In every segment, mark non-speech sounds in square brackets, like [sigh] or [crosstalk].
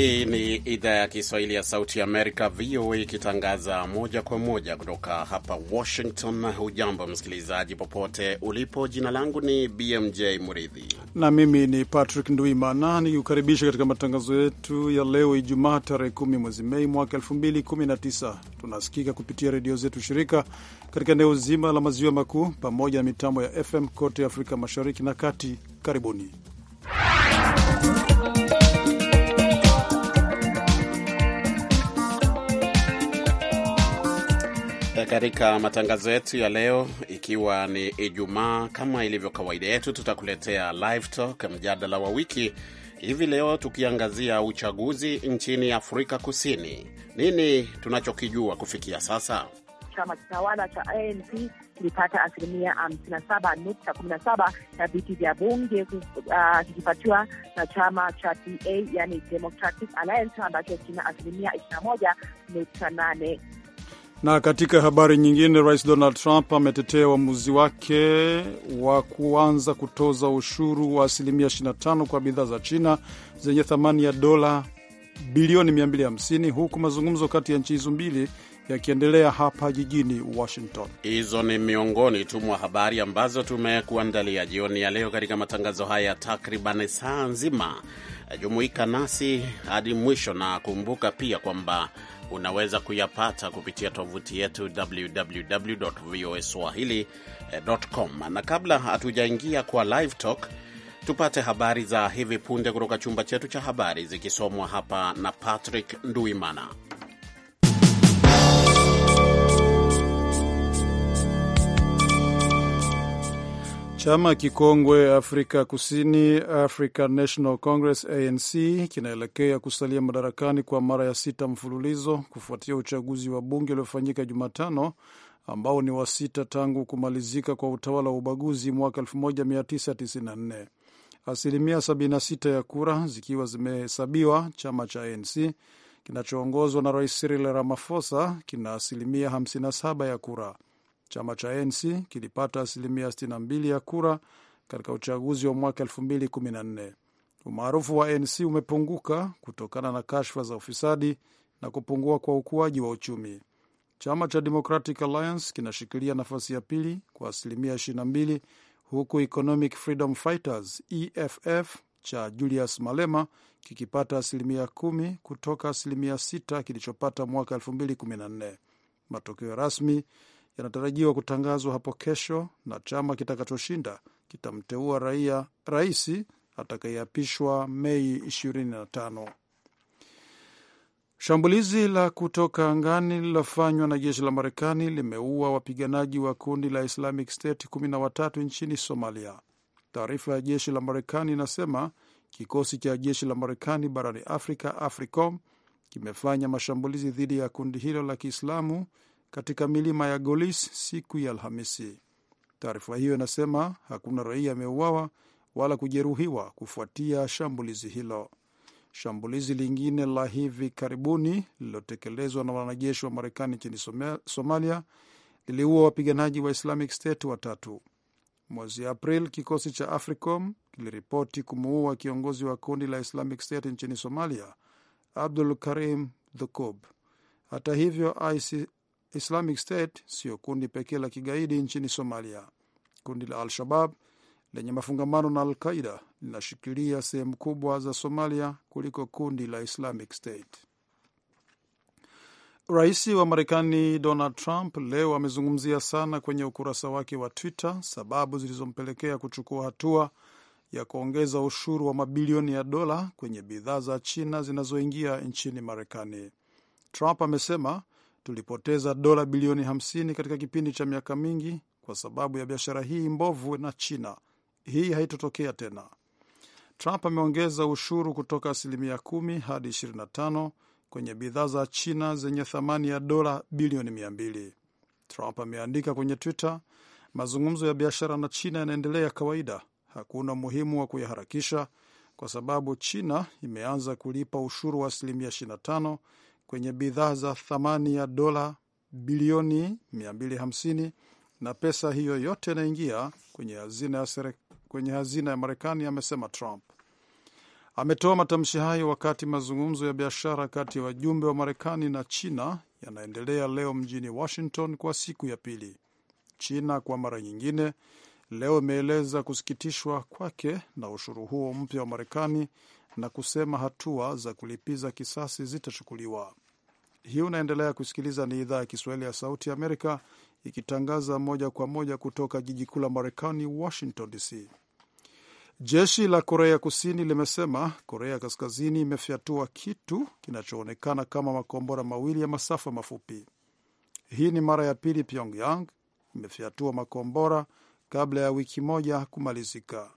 Hii ni idhaa ya Kiswahili ya Sauti ya Amerika, VOA, ikitangaza moja kwa moja kutoka hapa Washington. Hujambo msikilizaji, popote ulipo. Jina langu ni BMJ Muridhi na mimi ni Patrick Nduimana, nikukaribisha katika matangazo yetu ya leo, Ijumaa tarehe kumi mwezi Mei mwaka tisa. Tunasikika kupitia redio zetu shirika katika eneo zima la maziwa makuu pamoja na mitambo ya FM kote Afrika mashariki na kati. Karibuni Katika matangazo yetu ya leo, ikiwa ni Ijumaa, kama ilivyo kawaida yetu, tutakuletea live talk, mjadala wa wiki hivi leo, tukiangazia uchaguzi nchini Afrika Kusini. Nini tunachokijua kufikia sasa? Chama tawala cha ANC kilipata asilimia hamsini na saba nukta kumi na saba viti vya bunge uh, kikipatiwa na chama cha DA, yani Democratic Alliance ambacho kina asilimia ishirini na moja nukta nane. Na katika habari nyingine, Rais Donald Trump ametetea uamuzi wake wa kuanza kutoza ushuru wa asilimia 25 kwa bidhaa za China zenye thamani ya dola bilioni 250 huku mazungumzo kati ya nchi hizo mbili yakiendelea hapa jijini Washington. Hizo ni miongoni tu mwa habari ambazo tumekuandalia jioni ya leo katika matangazo haya takriban saa nzima. Jumuika nasi hadi mwisho, na kumbuka pia kwamba unaweza kuyapata kupitia tovuti yetu www voa swahili.com. Na kabla hatujaingia kwa live talk, tupate habari za hivi punde kutoka chumba chetu cha habari zikisomwa hapa na Patrick Nduimana. Chama kikongwe Afrika Kusini, African National Congress, ANC, kinaelekea kusalia madarakani kwa mara ya sita mfululizo kufuatia uchaguzi wa bunge uliofanyika Jumatano, ambao ni wa sita tangu kumalizika kwa utawala wa ubaguzi mwaka 1994. Asilimia 76 ya kura zikiwa zimehesabiwa, chama cha ANC kinachoongozwa na Rais Cyril Ramaphosa kina asilimia 57 ya kura. Chama cha ANC kilipata asilimia 62 ya kura katika uchaguzi wa mwaka 2014. Umaarufu wa ANC umepunguka kutokana na kashfa za ufisadi na kupungua kwa ukuaji wa uchumi. Chama cha Democratic Alliance kinashikilia nafasi ya pili kwa asilimia 22, huku Economic Freedom Fighters EFF cha Julius Malema kikipata asilimia 10 kutoka asilimia 6 kilichopata mwaka 2014. Matokeo rasmi yanatarajiwa kutangazwa hapo kesho, na chama kitakachoshinda kitamteua raia rais atakayeapishwa Mei 25. Shambulizi la kutoka angani lililofanywa na jeshi la Marekani limeua wapiganaji wa kundi la Islamic State 13 nchini Somalia. Taarifa ya jeshi la Marekani inasema kikosi cha jeshi la Marekani barani Afrika, AFRICOM, kimefanya mashambulizi dhidi ya kundi hilo la Kiislamu katika milima ya Golis siku ya Alhamisi. Taarifa hiyo inasema hakuna raia ameuawa wala kujeruhiwa kufuatia shambulizi hilo. Shambulizi lingine la hivi karibuni lililotekelezwa na wanajeshi wa Marekani nchini Somalia liliua wapiganaji wa Islamic State watatu. Mwezi April, kikosi cha AFRICOM kiliripoti kumuua kiongozi wa kundi la Islamic State nchini Somalia, Abdul Karim Dhukub. Hata hivyo, Islamic State siyo kundi pekee la kigaidi nchini Somalia. Kundi la Al-Shabab lenye mafungamano na Al-Qaida linashikilia sehemu kubwa za Somalia kuliko kundi la Islamic State. Rais wa Marekani Donald Trump leo amezungumzia sana kwenye ukurasa wake wa Twitter sababu zilizompelekea kuchukua hatua ya kuongeza ushuru wa mabilioni ya dola kwenye bidhaa za China zinazoingia nchini Marekani. Trump amesema tulipoteza dola bilioni 50 katika kipindi cha miaka mingi kwa sababu ya biashara hii mbovu na China. Hii haitotokea tena. Trump ameongeza ushuru kutoka asilimia 10 hadi 25 kwenye bidhaa za China zenye thamani ya dola bilioni 200. Trump ameandika kwenye Twitter, mazungumzo ya biashara na China yanaendelea kawaida, hakuna umuhimu wa kuyaharakisha kwa sababu China imeanza kulipa ushuru wa asilimia kwenye bidhaa za thamani ya dola bilioni 250 na pesa hiyo yote inaingia kwenye hazina ya sere, kwenye hazina ya Marekani, amesema Trump. Ametoa matamshi hayo wakati mazungumzo ya biashara kati ya wajumbe wa Marekani na China yanaendelea leo mjini Washington kwa siku ya pili. China kwa mara nyingine leo imeeleza kusikitishwa kwake na ushuru huo mpya wa Marekani na kusema hatua za kulipiza kisasi zitachukuliwa. Hii unaendelea kusikiliza, ni idhaa ya Kiswahili ya Sauti ya Amerika ikitangaza moja kwa moja kutoka jiji kuu la Marekani, Washington DC. Jeshi la Korea Kusini limesema Korea Kaskazini imefyatua kitu kinachoonekana kama makombora mawili ya masafa mafupi. Hii ni mara ya pili Pyongyang imefyatua makombora kabla ya wiki moja kumalizika.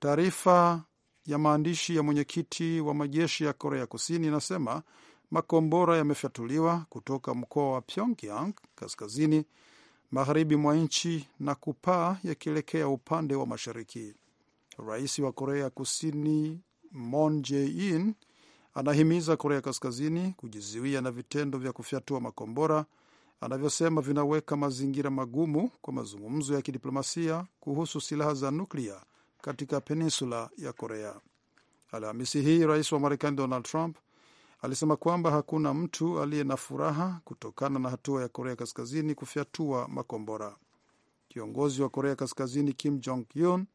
Taarifa ya maandishi ya mwenyekiti wa majeshi ya Korea Kusini inasema makombora yamefyatuliwa kutoka mkoa wa Pyongyang kaskazini magharibi mwa nchi na kupaa yakielekea upande wa mashariki. Rais wa Korea Kusini Moon Jae-in anahimiza Korea Kaskazini kujizuia na vitendo vya kufyatua makombora anavyosema vinaweka mazingira magumu kwa mazungumzo ya kidiplomasia kuhusu silaha za nuklia katika peninsula ya Korea. Alhamisi hii rais wa Marekani Donald Trump alisema kwamba hakuna mtu aliye na furaha kutokana na hatua ya Korea Kaskazini kufyatua makombora. Kiongozi wa Korea Kaskazini Kim Jong Un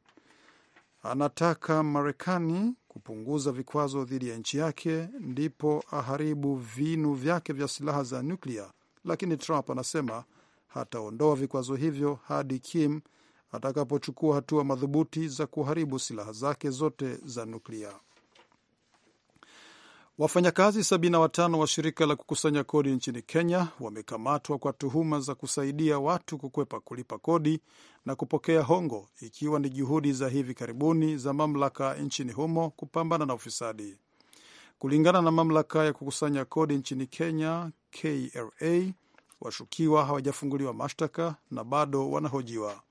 anataka Marekani kupunguza vikwazo dhidi ya nchi yake, ndipo aharibu vinu vyake vya silaha za nyuklia, lakini Trump anasema hataondoa vikwazo hivyo hadi Kim atakapochukua hatua madhubuti za kuharibu silaha zake zote za nuklia. Wafanyakazi 75 wa shirika la kukusanya kodi nchini Kenya wamekamatwa kwa tuhuma za kusaidia watu kukwepa kulipa kodi na kupokea hongo, ikiwa ni juhudi za hivi karibuni za mamlaka nchini humo kupambana na ufisadi. Kulingana na mamlaka ya kukusanya kodi nchini Kenya, KRA, washukiwa hawajafunguliwa mashtaka na bado wanahojiwa.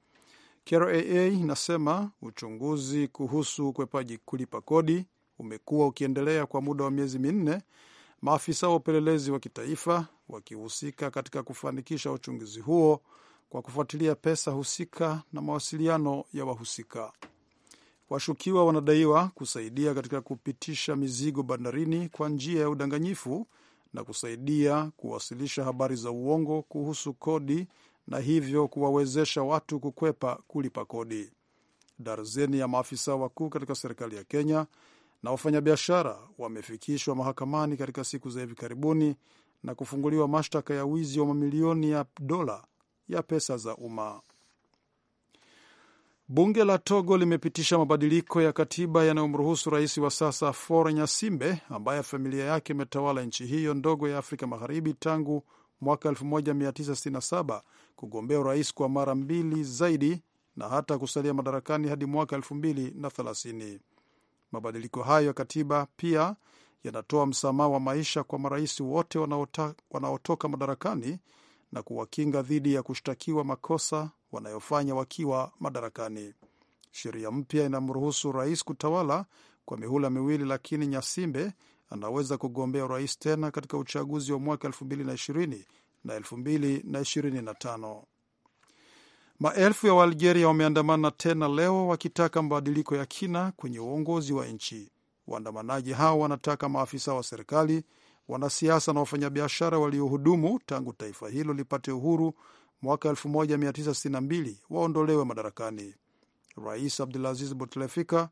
KRAA inasema uchunguzi kuhusu ukwepaji kulipa kodi umekuwa ukiendelea kwa muda wa miezi minne, maafisa wa upelelezi wa kitaifa wakihusika katika kufanikisha uchunguzi huo kwa kufuatilia pesa husika na mawasiliano ya wahusika. Washukiwa wanadaiwa kusaidia katika kupitisha mizigo bandarini kwa njia ya udanganyifu na kusaidia kuwasilisha habari za uongo kuhusu kodi na hivyo kuwawezesha watu kukwepa kulipa kodi. Darzeni ya maafisa wakuu katika serikali ya Kenya na wafanyabiashara wamefikishwa mahakamani katika siku za hivi karibuni na kufunguliwa mashtaka ya wizi wa mamilioni ya dola ya pesa za umma. Bunge la Togo limepitisha mabadiliko ya katiba yanayomruhusu rais wa sasa Faure Nyasimbe, ambaye familia yake imetawala nchi hiyo ndogo ya Afrika Magharibi tangu mwaka 1967 kugombea urais kwa mara mbili zaidi na hata kusalia madarakani hadi mwaka 2030. Mabadiliko hayo ya katiba pia yanatoa msamaha wa maisha kwa marais wote wanaotoka madarakani na kuwakinga dhidi ya kushtakiwa makosa wanayofanya wakiwa madarakani. Sheria mpya inamruhusu rais kutawala kwa mihula miwili, lakini Nyasimbe anaweza kugombea urais tena katika uchaguzi wa mwaka 2020 na 2025. Maelfu ya Waalgeria wameandamana tena leo wakitaka mabadiliko ya kina kwenye uongozi wa nchi. Waandamanaji hao wanataka maafisa wa serikali, wanasiasa na wafanyabiashara waliohudumu tangu taifa hilo lipate uhuru mwaka 1962 waondolewe madarakani. Rais Abdulaziz Bouteflika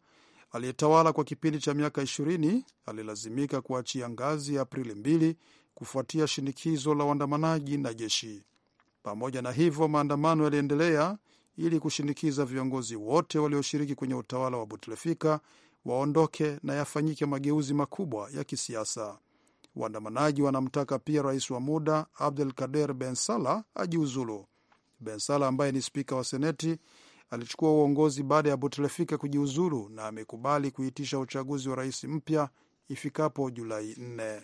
aliyetawala kwa kipindi cha miaka ishirini alilazimika kuachia ngazi ya Aprili mbili kufuatia shinikizo la waandamanaji na jeshi. Pamoja na hivyo, maandamano yaliendelea ili kushinikiza viongozi wote walioshiriki kwenye utawala wa butlefika waondoke na yafanyike mageuzi makubwa ya kisiasa. Waandamanaji wanamtaka pia rais wa muda Abdel Kader bensala ajiuzulu. bensala ambaye ni spika wa Seneti alichukua uongozi baada ya butlefika kujiuzulu na amekubali kuitisha uchaguzi wa rais mpya ifikapo Julai 4.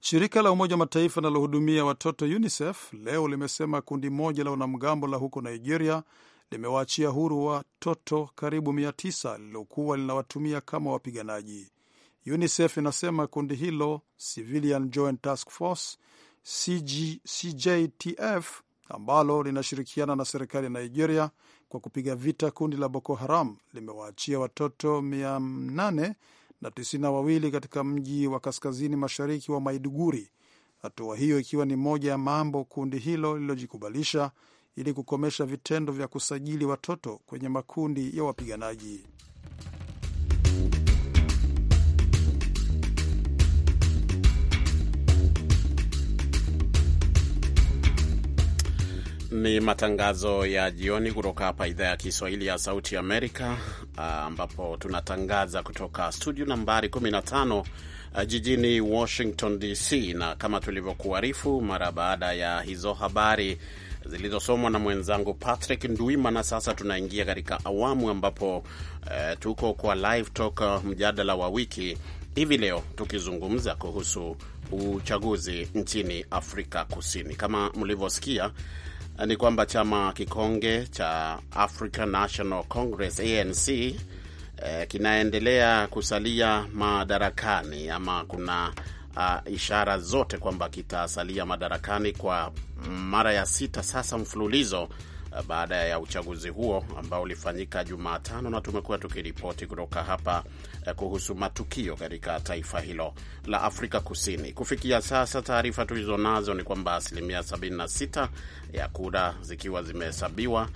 Shirika la Umoja wa Mataifa linalohudumia watoto UNICEF leo limesema kundi moja la wanamgambo la huko Nigeria limewaachia huru watoto karibu tisa lililokuwa linawatumia kama wapiganaji. UNICEF inasema kundi hilo Civilian Joint Task Force CG, CJTF ambalo linashirikiana na serikali ya Nigeria kwa kupiga vita kundi la Boko Haram limewaachia watoto mia nane na tisini na wawili katika mji wa kaskazini mashariki wa Maiduguri, hatua hiyo ikiwa ni moja ya mambo kundi hilo lililojikubalisha ili kukomesha vitendo vya kusajili watoto kwenye makundi ya wapiganaji. Ni matangazo ya jioni kutoka hapa idhaa ya Kiswahili ya Sauti Amerika, ah, ambapo tunatangaza kutoka studio nambari 15 ah, jijini Washington DC, na kama tulivyokuarifu mara baada ya hizo habari zilizosomwa na mwenzangu Patrick Ndwima. Na sasa tunaingia katika awamu ambapo e, tuko kwa live talk, ah, mjadala wa wiki hivi leo, tukizungumza kuhusu uchaguzi nchini Afrika Kusini. Kama mlivyosikia ni kwamba chama kikonge cha African National Congress ANC eh, kinaendelea kusalia madarakani ama kuna uh, ishara zote kwamba kitasalia madarakani kwa mara ya sita sasa mfululizo baada ya uchaguzi huo ambao ulifanyika Jumatano, na tumekuwa tukiripoti kutoka hapa eh, kuhusu matukio katika taifa hilo la Afrika Kusini. Kufikia sasa, taarifa tulizo nazo ni kwamba asilimia 76 ya kura zikiwa zimehesabiwa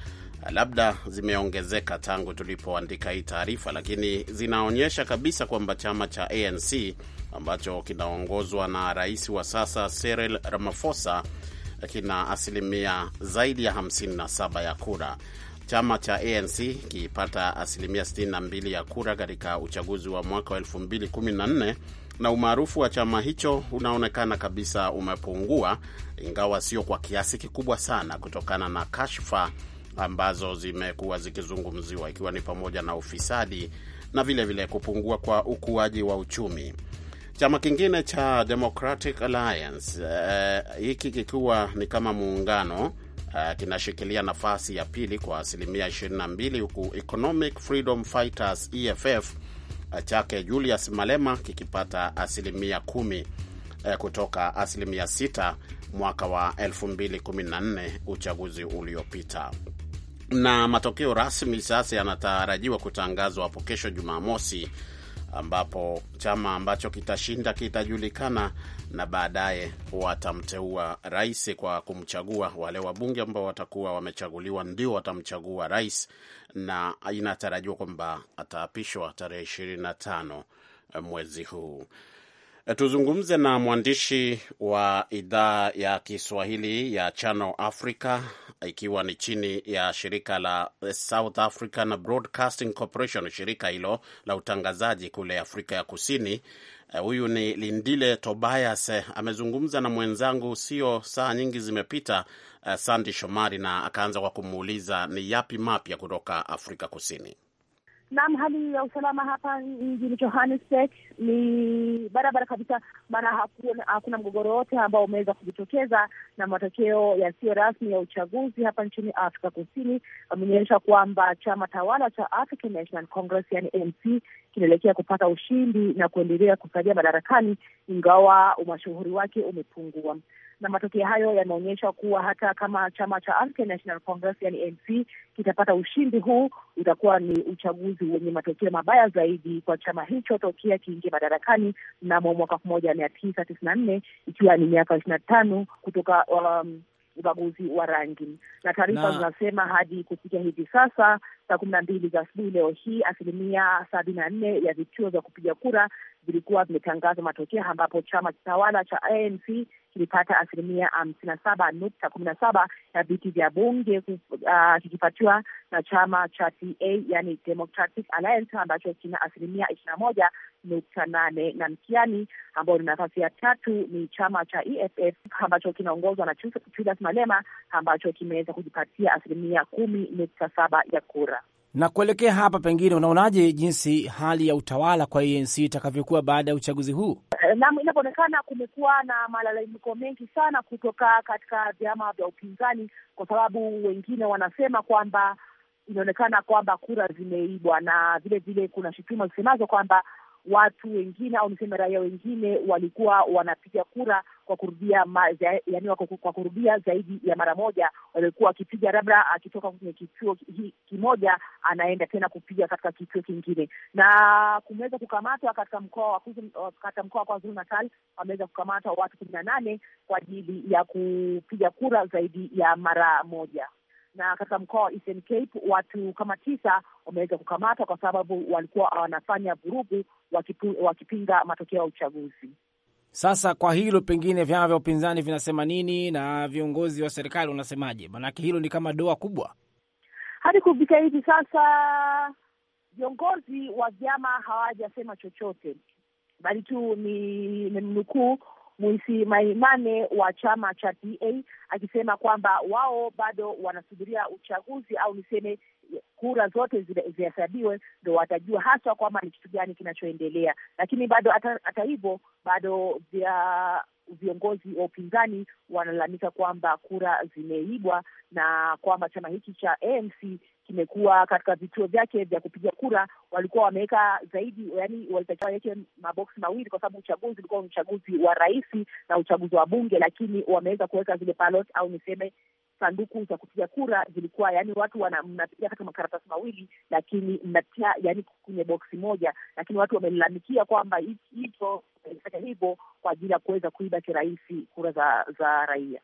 labda zimeongezeka tangu tulipoandika hii taarifa, lakini zinaonyesha kabisa kwamba chama cha ANC ambacho kinaongozwa na rais wa sasa Cyril Ramaphosa kina asilimia zaidi ya 57 ya kura, chama cha ANC kipata asilimia 62 ya kura katika uchaguzi wa mwaka wa 2014 na umaarufu wa chama hicho unaonekana kabisa umepungua, ingawa sio kwa kiasi kikubwa sana, kutokana na kashfa ambazo zimekuwa zikizungumziwa, ikiwa ni pamoja na ufisadi na vilevile vile kupungua kwa ukuaji wa uchumi. Chama kingine cha Democratic Alliance eh, hiki uh, kikiwa ni kama muungano uh, kinashikilia nafasi ya pili kwa asilimia 22 huku Economic Freedom Fighters EFF eh, chake Julius Malema kikipata asilimia kumi uh, kutoka asilimia sita mwaka wa 2014 uchaguzi uliopita. Na matokeo rasmi sasa yanatarajiwa kutangazwa hapo kesho Jumamosi ambapo chama ambacho kitashinda kitajulikana, na baadaye watamteua rais kwa kumchagua. Wale wabunge ambao watakuwa wamechaguliwa ndio watamchagua rais, na inatarajiwa kwamba ataapishwa tarehe ishirini na tano mwezi huu. Eh, tuzungumze na mwandishi wa idhaa ya Kiswahili ya Channel Africa ikiwa ni chini ya shirika la eh, South African Broadcasting Corporation, shirika hilo la utangazaji kule Afrika ya Kusini. Eh, huyu ni Lindile Tobias, amezungumza na mwenzangu, sio saa nyingi zimepita, Sandi Shomari, na akaanza kwa kumuuliza ni yapi mapya kutoka Afrika Kusini. Naam, hali ya usalama hapa mjini Johannesburg ni barabara kabisa, maana hakuna, hakuna mgogoro wote ambao umeweza kujitokeza, na matokeo yasiyo rasmi ya uchaguzi hapa nchini Afrika Kusini ameonyesha kwamba chama tawala cha African National Congress, yani ANC, kinaelekea kupata ushindi na kuendelea kusalia madarakani, ingawa umashuhuri wake umepungua na matokeo hayo yanaonyesha kuwa hata kama chama cha African National Congress yani NC kitapata ushindi huu, utakuwa ni uchaguzi wenye matokeo mabaya zaidi kwa chama hicho tokea kiingia madarakani mnamo mwaka elfu moja mia tisa tisini na nne ikiwa ni miaka ishirini na tano kutoka um, ubaguzi wa rangi. Na taarifa zinasema hadi kufikia hivi sasa saa kumi na mbili za asubuhi leo hii, asilimia sabini na nne ya vituo vya kupiga kura vilikuwa vimetangaza matokeo ambapo chama tawala cha ANC kilipata asilimia hamsini na saba nukta kumi na saba ya viti vya bunge ah, kikipatiwa uh, na chama cha TA yani Democratic Alliance ambacho kina asilimia ishirini na moja nukta nane na mkiani ambao ni nafasi ya tatu ni chama cha EFF ambacho kinaongozwa na Julius Malema ambacho kimeweza kujipatia asilimia kumi nukta saba ya kura. Na kuelekea hapa, pengine unaonaje jinsi hali ya utawala kwa ANC itakavyokuwa baada ya uchaguzi huu? Eh, naam, inavyoonekana kumekuwa na malalamiko mengi sana kutoka katika vyama vya upinzani, kwa sababu wengine wanasema kwamba inaonekana kwamba kura zimeibwa, na vile vile kuna shutuma zisemazo kwamba watu wengine au niseme raia wengine walikuwa wanapiga kura kwa kurudia ma, za, yani wako, kwa kurudia zaidi ya mara moja. Walikuwa wakipiga labda akitoka kwenye kituo kimoja anaenda tena kupiga katika kituo kingine, na kumeweza kukamatwa katika mkoa oh, katika mkoa wa KwaZulu Natal wameweza kukamatwa watu kumi na nane kwa ajili ya kupiga kura zaidi ya mara moja na katika mkoa wa Eastern Cape watu kama tisa wameweza kukamatwa kwa sababu walikuwa wanafanya vurugu wakipinga matokeo ya uchaguzi. Sasa kwa hilo, pengine vyama vya upinzani vinasema nini na viongozi wa serikali wanasemaje? Maanake hilo ni kama doa kubwa. Hadi kufika hivi sasa viongozi wa vyama hawajasema chochote, bali tu ni, ni mnukuu Mwisimaimane wa chama cha DA akisema kwamba wao bado wanasubiria uchaguzi au niseme kura zote zihesabiwe, ndo watajua haswa kwamba ni kitu gani kinachoendelea. Lakini bado hata hivyo bado vya viongozi wa upinzani wanalalamika kwamba kura zimeibwa na kwamba chama hiki cha ANC kimekuwa katika vituo vyake vya kupiga kura walikuwa wameweka zaidi, yani walitakiwa waweke maboksi mawili, kwa sababu uchaguzi ulikuwa ni uchaguzi wa rais na uchaguzi wa bunge, lakini wameweza kuweka zile ballot au niseme sanduku za kupiga kura zilikuwa yani, watu mnapiga katika makaratasi mawili, lakini mnapia yani kwenye boksi moja, lakini watu wamelalamikia kwamba hicho walifanya hivyo kwa ajili ya kuweza kuiba kirahisi kura za za raia.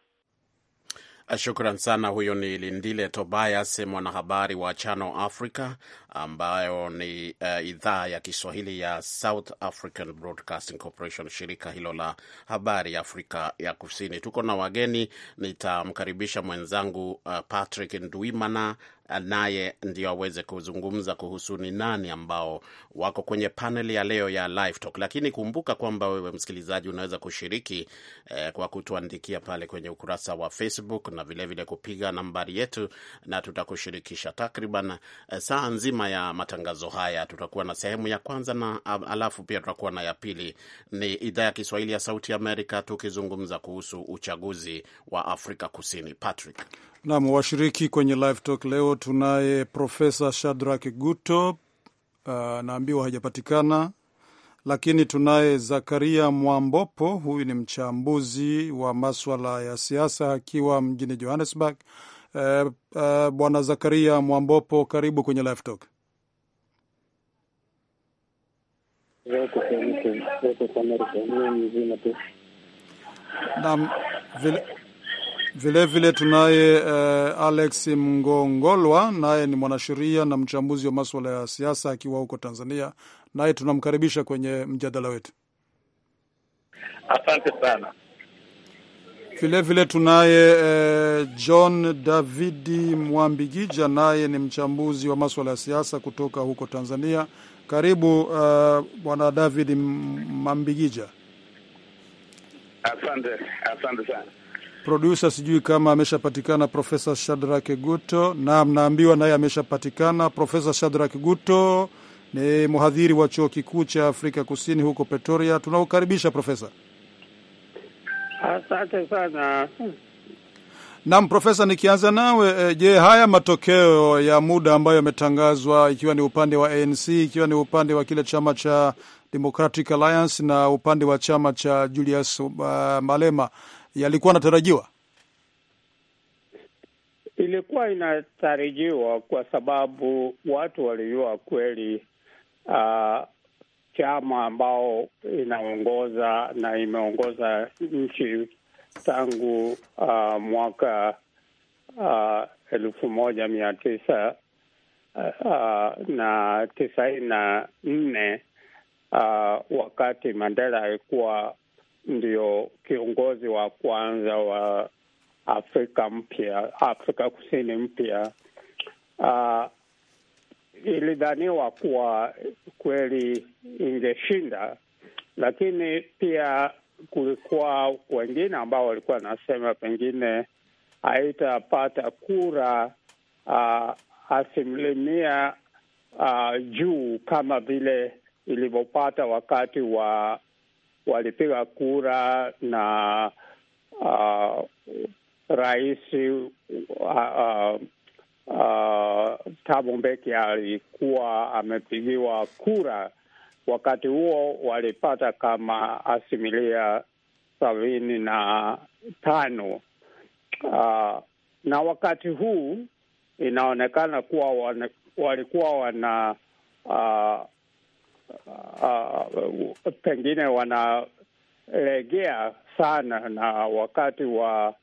Shukran sana. Huyo ni Lindile Tobias, mwanahabari wa Channel Africa ambayo ni uh, idhaa ya Kiswahili ya South African Broadcasting Corporation, shirika hilo la habari Afrika ya Kusini. Tuko na wageni, nitamkaribisha mwenzangu uh, Patrick Ndwimana naye ndio aweze kuzungumza kuhusu ni nani ambao wako kwenye panel ya leo ya Live Talk. Lakini kumbuka kwamba wewe msikilizaji unaweza kushiriki eh, kwa kutuandikia pale kwenye ukurasa wa Facebook na vilevile vile kupiga nambari yetu, na tutakushirikisha takriban eh, saa nzima ya matangazo haya. Tutakuwa na sehemu ya kwanza na ah, alafu pia tutakuwa na ya pili. Ni idhaa ya Kiswahili ya Sauti Amerika tukizungumza kuhusu uchaguzi wa Afrika Kusini. Patrick Nam washiriki kwenye live talk leo tunaye Profesa Shadrak Guto, uh, naambiwa hajapatikana, lakini tunaye Zakaria Mwambopo. Huyu ni mchambuzi wa maswala ya siasa akiwa mjini Johannesburg. Uh, uh, Bwana Zakaria Mwambopo, karibu kwenye live talk. Naam, vile Vilevile tunaye uh, Alex Mngongolwa, naye ni mwanasheria na mchambuzi wa maswala ya siasa akiwa huko Tanzania, naye tunamkaribisha kwenye mjadala wetu. Asante sana. Vilevile tunaye uh, John Davidi Mwambigija, naye ni mchambuzi wa maswala ya siasa kutoka huko Tanzania. Karibu uh, bwana David Mwambigija. Asante, asante sana. Produsa sijui kama ameshapatikana Profesa Shadrake Guto. Naam, naambiwa naye ameshapatikana. Profesa shadrak Guto ni mhadhiri wa chuo kikuu cha Afrika Kusini huko Pretoria. Tunaukaribisha Profesa. Asante sana. Naam, Profesa, nikianza nawe, eh, je, haya matokeo ya muda ambayo yametangazwa, ikiwa ni upande wa ANC, ikiwa ni upande wa kile chama cha Democratic Alliance na upande wa chama cha Julius uh, Malema yalikuwa yanatarajiwa? Ilikuwa inatarajiwa kwa sababu watu walijua kweli uh, chama ambao inaongoza na imeongoza nchi tangu uh, mwaka uh, elfu moja mia tisa uh, uh, na tisaini na nne uh, wakati Mandela alikuwa ndio kiongozi wa kwanza wa Afrika mpya, Afrika Kusini mpya, uh, ilidhaniwa kuwa kweli ingeshinda, lakini pia kulikuwa wengine ambao walikuwa wanasema pengine haitapata kura uh, asilimia uh, juu kama vile ilivyopata wakati wa walipiga kura na uh, rais uh, uh, Thabo Mbeki alikuwa amepigiwa kura wakati huo, walipata kama asimilia sabini na tano uh, na wakati huu inaonekana kuwa walikuwa wana uh, Uh, uh, pengine wanalegea sana na wakati wa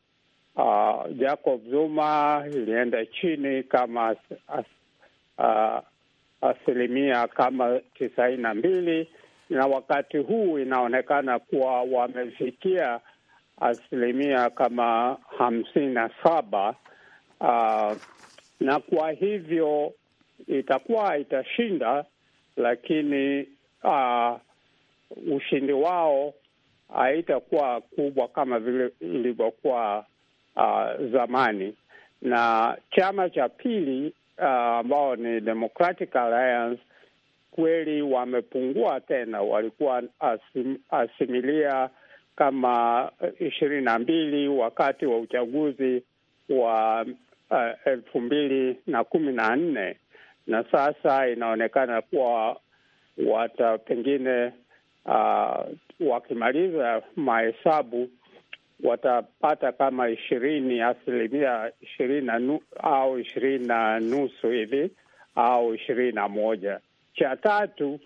uh, Jacob Zuma ilienda chini kama as, as, uh, asilimia kama tisaini na mbili na wakati huu inaonekana kuwa wamefikia asilimia kama hamsini na saba uh, na kwa hivyo itakuwa itashinda lakini uh, ushindi wao haitakuwa kubwa kama vile ilivyokuwa uh, zamani. Na chama cha pili ah, ambao uh, ni Democratic Alliance kweli wamepungua tena, walikuwa asim, asimilia kama ishirini na mbili wakati wa uchaguzi wa elfu mbili na kumi na nne na sasa inaonekana kuwa wata pengine uh, wakimaliza mahesabu watapata kama ishirini asilimia ishirini na au ishirini na nusu hivi au ishirini na moja cha tatu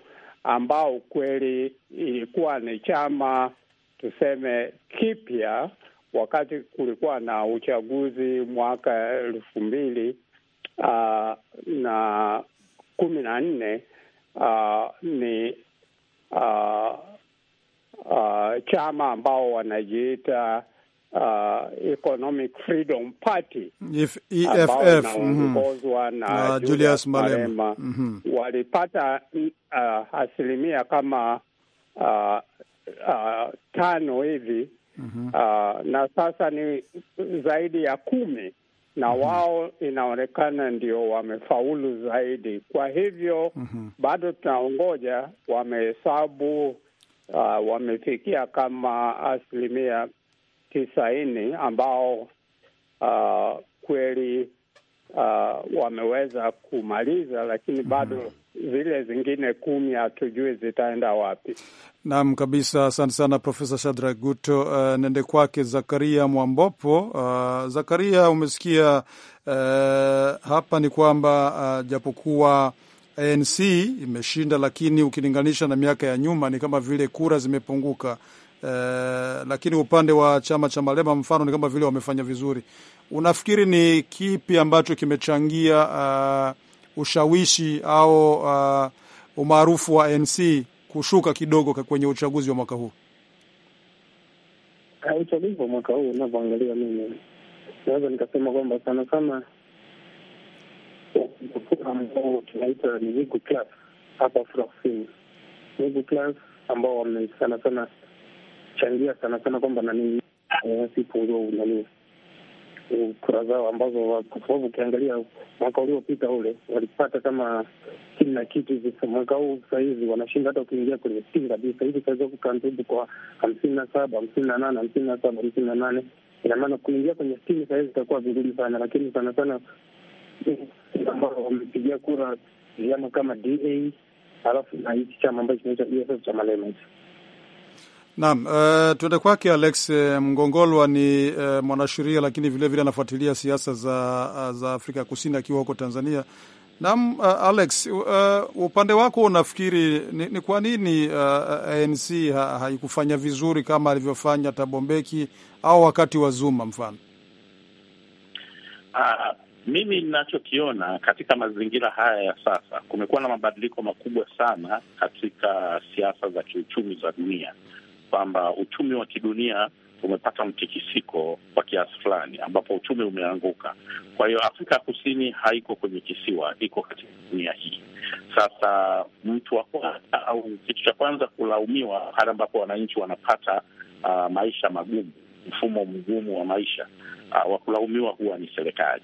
ambao kweli ilikuwa ni chama tuseme kipya wakati kulikuwa na uchaguzi mwaka elfu mbili uh, na kumi na nne uh, ni uh, uh, chama ambao wanajiita uh, Economic Freedom Party e mm-hmm. na, na Malema mm -hmm. walipata uh, asilimia kama uh, uh, tano hivi mm -hmm. uh, na sasa ni zaidi ya kumi na mhm. wao inaonekana ndio wamefaulu zaidi. Kwa hivyo mm -hmm. bado tunaongoja, wamehesabu uh, wamefikia kama asilimia tisaini ambao uh, kweli uh, wameweza kumaliza, lakini mm-hmm. bado mm zile zingine kumi hatujui zitaenda wapi. Naam kabisa, asante sana Profesa Shadrack Guto. Uh, nende kwake Zakaria Mwambopo. Uh, Zakaria, umesikia uh, hapa ni kwamba uh, japokuwa ANC imeshinda lakini ukilinganisha na miaka ya nyuma ni kama vile kura zimepunguka eh, lakini upande wa chama cha Malema mfano ni kama vile wamefanya vizuri. Unafikiri ni kipi ambacho kimechangia uh, ushawishi au uh, umaarufu wa ANC kushuka kidogo kwenye uchaguzi wa mwaka huu? Eh, uchaguzi wa mwaka huu unavyoangalia, mimi naweza nikasema kwamba sana sana ambao tunaita ni middle class hapa Afrika Kusini, middle class ambao wame sana sana kuchangia sana sana kwamba nani eh, sipo nani eh, kura zao ambazo, kwa sababu ukiangalia mwaka uliopita ule walipata kama sitini na kitu hivi, mwaka huu sahizi wanashinda hata ukiingia kwenye sitini kabisa hivi, kaweza kukandubu kwa hamsini na saba hamsini na nane hamsini na saba hamsini na nane Ina maana kuingia kwenye sitini sahizi itakuwa vizuri sana, lakini sana sana eh, ambao wamepigia kura vyama kama DA alafu na hiki chama ambacho kinaitwa EFF cha Malema Naam, uh, tuende kwake Alex eh, Mgongolwa. Ni uh, mwanasheria lakini vilevile anafuatilia vile siasa za, za Afrika Kusini akiwa huko Tanzania. Naam, uh, Alex, uh, upande wako unafikiri ni, ni kwa nini uh, ANC ha, haikufanya vizuri kama alivyofanya Thabo Mbeki au wakati wa Zuma mfano? Uh, mimi ninachokiona katika mazingira haya ya sasa, kumekuwa na mabadiliko makubwa sana katika siasa za kiuchumi za dunia kwamba uchumi wa kidunia umepata mtikisiko kwa kiasi fulani, ambapo uchumi umeanguka. Kwa hiyo Afrika ya Kusini haiko kwenye kisiwa, iko katika dunia hii. Sasa mtu wa kwanza au kitu cha kwanza kulaumiwa hali ambapo wananchi wanapata uh, maisha magumu, mfumo mgumu wa maisha uh, wa kulaumiwa huwa ni serikali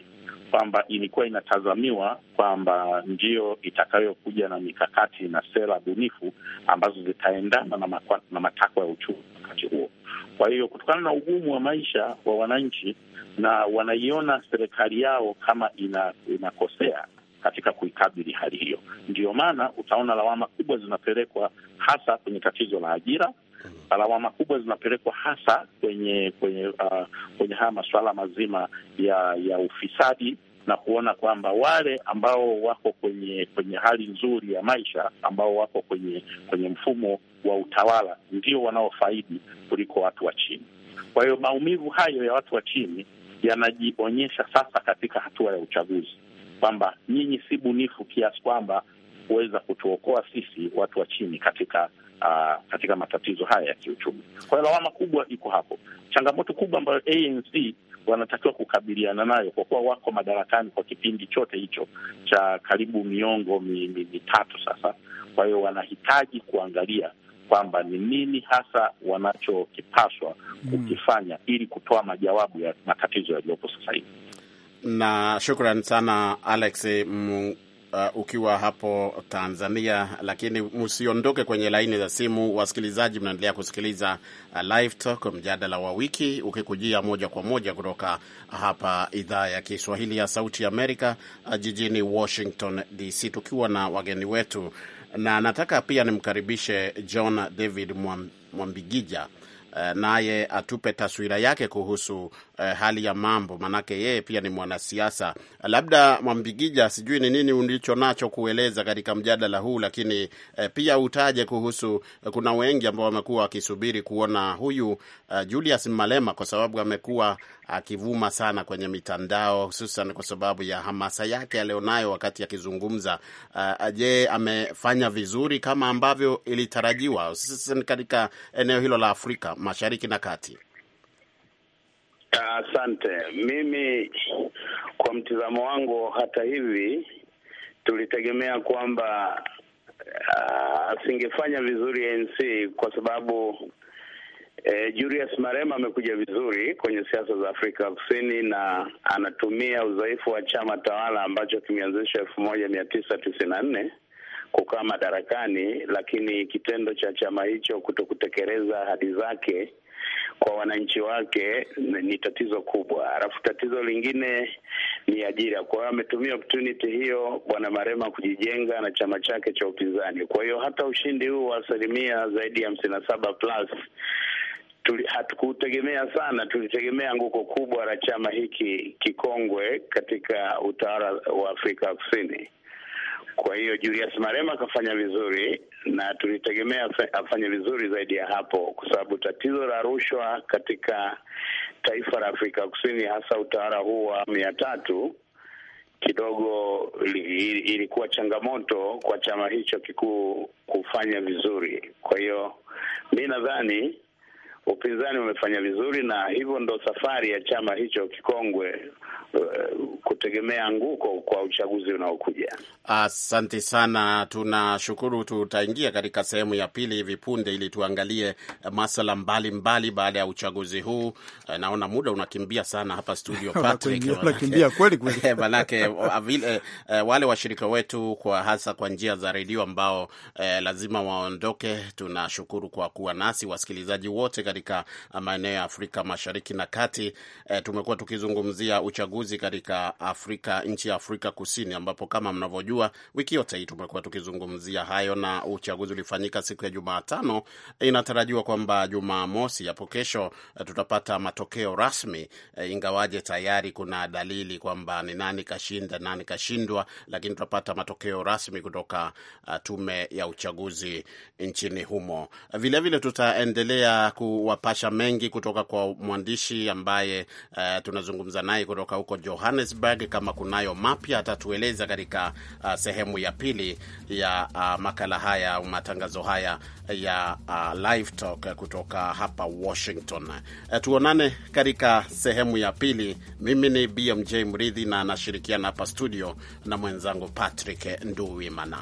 kwamba ilikuwa inatazamiwa kwamba ndio itakayokuja na mikakati na sera bunifu ambazo zitaendana na, na matakwa ya uchumi wakati huo. Kwa hiyo kutokana na ugumu wa maisha wa wananchi na wanaiona serikali yao kama ina, inakosea katika kuikabili hali hiyo, ndiyo maana utaona lawama kubwa zinapelekwa hasa kwenye tatizo la ajira Mm. lawama kubwa zinapelekwa hasa kwenye kwenye uh, kwenye haya masuala mazima ya ya ufisadi na kuona kwamba wale ambao wako kwenye kwenye hali nzuri ya maisha ambao wako kwenye kwenye mfumo wa utawala ndio wanaofaidi kuliko watu wa chini. Kwa hiyo maumivu hayo ya watu wa chini yanajionyesha sasa katika hatua ya uchaguzi kwamba nyinyi si bunifu kiasi kwamba kuweza kutuokoa sisi watu wa chini katika uh, katika matatizo haya ya kiuchumi. Kwa hiyo lawama kubwa iko hapo. Changamoto kubwa ambayo ANC wanatakiwa kukabiliana nayo kwa kuwa wako madarakani kwa kipindi chote hicho cha karibu miongo mitatu mi, mi sasa. Kwa hiyo wanahitaji kuangalia kwamba ni nini hasa wanachokipaswa hmm. kukifanya ili kutoa majawabu ya matatizo yaliyopo sasa hivi. Na shukran sana Alex uh, ukiwa hapo Tanzania, lakini msiondoke kwenye laini za simu. Wasikilizaji, mnaendelea kusikiliza uh, Live Talk, mjadala wa wiki ukikujia moja kwa moja kutoka hapa idhaa ya Kiswahili ya Sauti ya Amerika, uh, jijini Washington DC, tukiwa na wageni wetu, na nataka pia nimkaribishe John David Mwambigija Eh, naye atupe taswira yake kuhusu eh, hali ya mambo, manake yeye pia ni mwanasiasa. Labda Mwambigija, sijui ni nini ulicho nacho kueleza katika mjadala huu, lakini eh, pia utaje kuhusu eh, kuna wengi ambao wamekuwa wakisubiri kuona huyu eh, Julius Malema kwa sababu amekuwa akivuma sana kwenye mitandao, hususan kwa sababu ya hamasa yake aliyonayo wakati akizungumza. Uh, je, amefanya vizuri kama ambavyo ilitarajiwa, hususan katika eneo hilo la Afrika Mashariki na Kati? Asante. Uh, mimi kwa mtizamo wangu, hata hivi tulitegemea kwamba uh, vizuri ANC kwa sababu E, Julius Marema amekuja vizuri kwenye siasa za Afrika Kusini na anatumia udhaifu wa chama tawala ambacho kimeanzishwa elfu moja mia tisa tisini na nne kukaa madarakani, lakini kitendo cha chama hicho kuto kutekeleza ahadi zake kwa wananchi wake ni tatizo kubwa. Halafu tatizo lingine ni ajira. Kwa hiyo ametumia opportunity hiyo bwana Marema kujijenga na chama chake cha upinzani. Kwa hiyo hata ushindi huu wa asilimia zaidi ya hamsini na saba plus hatukutegemea sana, tulitegemea nguko kubwa la chama hiki kikongwe katika utawala wa Afrika Kusini. Kwa hiyo Julius Marema akafanya vizuri na tulitegemea afanye vizuri zaidi ya hapo, kwa sababu tatizo la rushwa katika taifa la Afrika Kusini, hasa utawala huu wa mia tatu kidogo ilikuwa changamoto kwa chama hicho kikuu kufanya vizuri. Kwa hiyo mi nadhani upinzani umefanya vizuri, na hivyo ndo safari ya chama hicho kikongwe uh, kutegemea nguko kwa uchaguzi unaokuja. Asante sana, tunashukuru. Tutaingia katika sehemu ya pili hivi punde ili tuangalie masala mbalimbali baada ya uchaguzi huu. Eh, naona muda unakimbia sana hapa studio [laughs] Patrick, manake [laughs] vile eh, wale washirika wetu kwa hasa kwa njia za redio ambao eh, lazima waondoke. Tunashukuru kwa kuwa nasi wasikilizaji wote katika maeneo ya Afrika Mashariki na Kati. E, tumekuwa tukizungumzia uchaguzi katika Afrika, nchi ya Afrika Kusini, ambapo kama mnavyojua wiki yote hii tumekuwa tukizungumzia hayo, na uchaguzi ulifanyika siku ya Jumatano. Inatarajiwa kwamba Jumamosi hapo kesho eh, tutapata matokeo rasmi e, ingawaje tayari kuna dalili kwamba ni nani kashinda, nani kashindwa, lakini tutapata matokeo rasmi kutoka tume ya uchaguzi nchini humo. Vilevile tutaendelea ku wapasha mengi kutoka kwa mwandishi ambaye uh, tunazungumza naye kutoka huko Johannesburg. Kama kunayo mapya atatueleza katika uh, sehemu ya pili ya uh, makala haya au matangazo haya ya uh, live talk kutoka hapa Washington. Uh, tuonane katika sehemu ya pili. Mimi ni BMJ Mridhi na anashirikiana hapa studio na mwenzangu Patrick Nduwimana.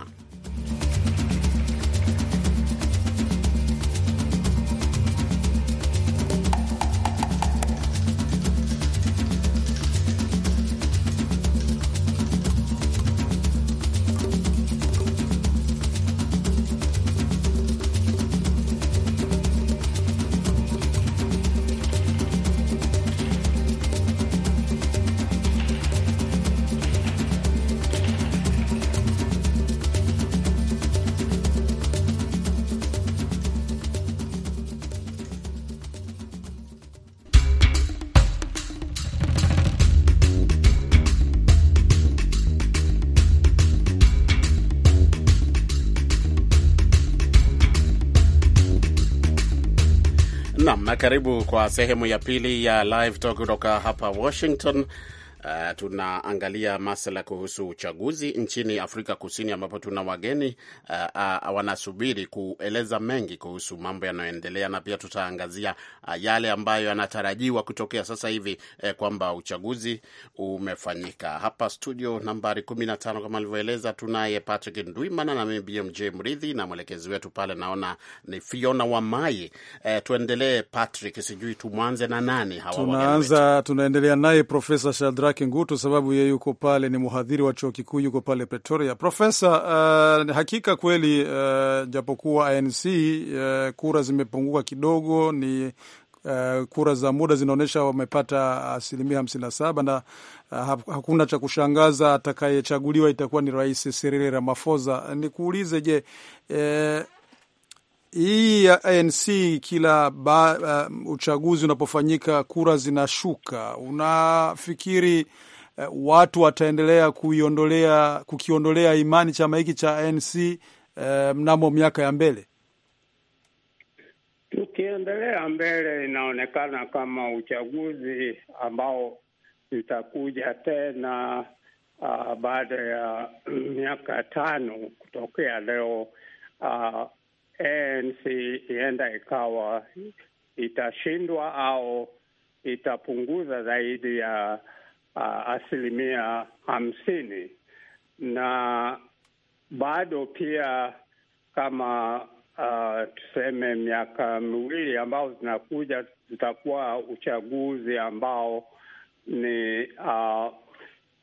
karibu kwa sehemu ya pili ya Live Talk kutoka hapa Washington. Uh, tunaangalia masala kuhusu uchaguzi nchini Afrika Kusini ambapo tuna wageni uh, uh, wanasubiri kueleza mengi kuhusu mambo yanayoendelea, na pia tutaangazia uh, yale ambayo yanatarajiwa kutokea sasa hivi eh, kwamba uchaguzi umefanyika. Hapa studio nambari 15 kama alivyoeleza, tunaye Patrick Ndwimana na mimi BMJ Mridhi na mwelekezi wetu pale naona ni Fiona Wamai. Eh, tuendelee Patrick, sijui tumwanze na nani hawa? Tunaanza, tunaendelea naye Profesa Shadrack zake Ngutu, sababu yeye yuko pale, ni mhadhiri wa chuo kikuu, yuko pale Pretoria. Profesa, uh, hakika kweli uh, japokuwa ANC uh, eh, kura zimepunguka kidogo ni Uh, kura za muda zinaonyesha wamepata asilimia hamsini na saba na uh, hakuna cha kushangaza, atakayechaguliwa itakuwa ni Rais Cyril Ramaphosa. Nikuulize, je, hii ya ANC kila ba, uh, uchaguzi unapofanyika kura zinashuka, unafikiri uh, watu wataendelea kuiondolea kukiondolea imani chama hiki cha ANC uh, mnamo miaka ya mbele? Tukiendelea mbele, inaonekana kama uchaguzi ambao itakuja tena uh, baada ya miaka tano kutokea leo uh, ANC ienda ikawa itashindwa au itapunguza zaidi ya uh, asilimia hamsini na bado pia kama uh, tuseme miaka miwili ambao zinakuja zitakuwa uchaguzi ambao ni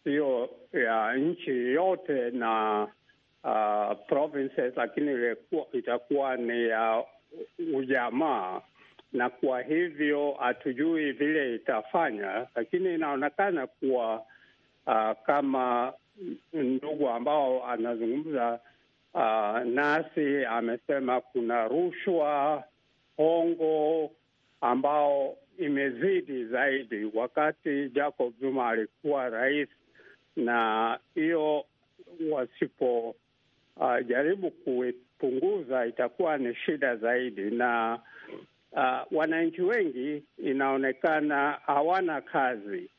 sio uh, ya nchi yote na uh, ah, provinces, lakini itakuwa ni ya uh, ujamaa, na kwa hivyo hatujui vile itafanya, lakini inaonekana kuwa uh, kama ndugu ambao anazungumza uh, nasi amesema kuna rushwa hongo ambao imezidi zaidi wakati Jacob Zuma alikuwa rais, na hiyo wasipo uh, jaribu kuipunguza itakuwa ni shida zaidi, na uh, wananchi wengi inaonekana hawana kazi,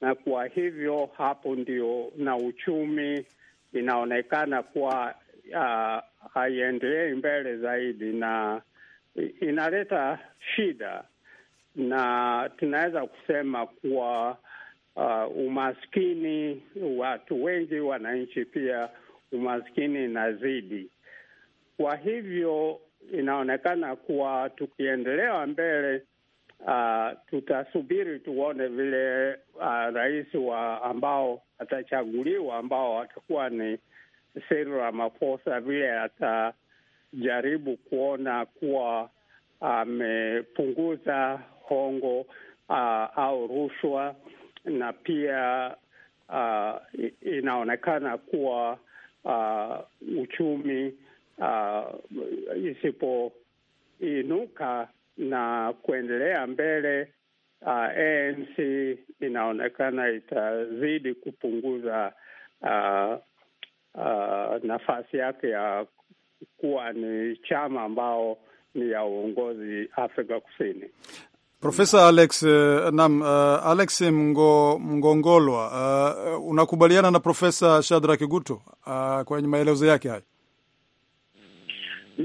na kwa hivyo hapo ndio na uchumi inaonekana kuwa uh, haiendelei mbele zaidi, na inaleta shida, na tunaweza kusema kuwa uh, umaskini, watu wengi wananchi pia umaskini inazidi. Kwa hivyo inaonekana kuwa tukiendelea mbele Uh, tutasubiri tuone vile uh, rais wa ambao atachaguliwa ambao atakuwa ni Cyril Ramaphosa vile atajaribu kuona kuwa amepunguza uh, hongo uh, au rushwa, na pia uh, inaonekana kuwa uh, uchumi uh, isipoinuka na kuendelea mbele uh, ANC inaonekana itazidi kupunguza uh, uh, nafasi yake ya kuwa ni chama ambao ni ya uongozi Afrika Kusini. Profesa Alex, uh, Alex Mngo, Mgongolwa, uh, eh, unakubaliana na Profesa Shadrack kiguto uh, kwenye maelezo yake hayo?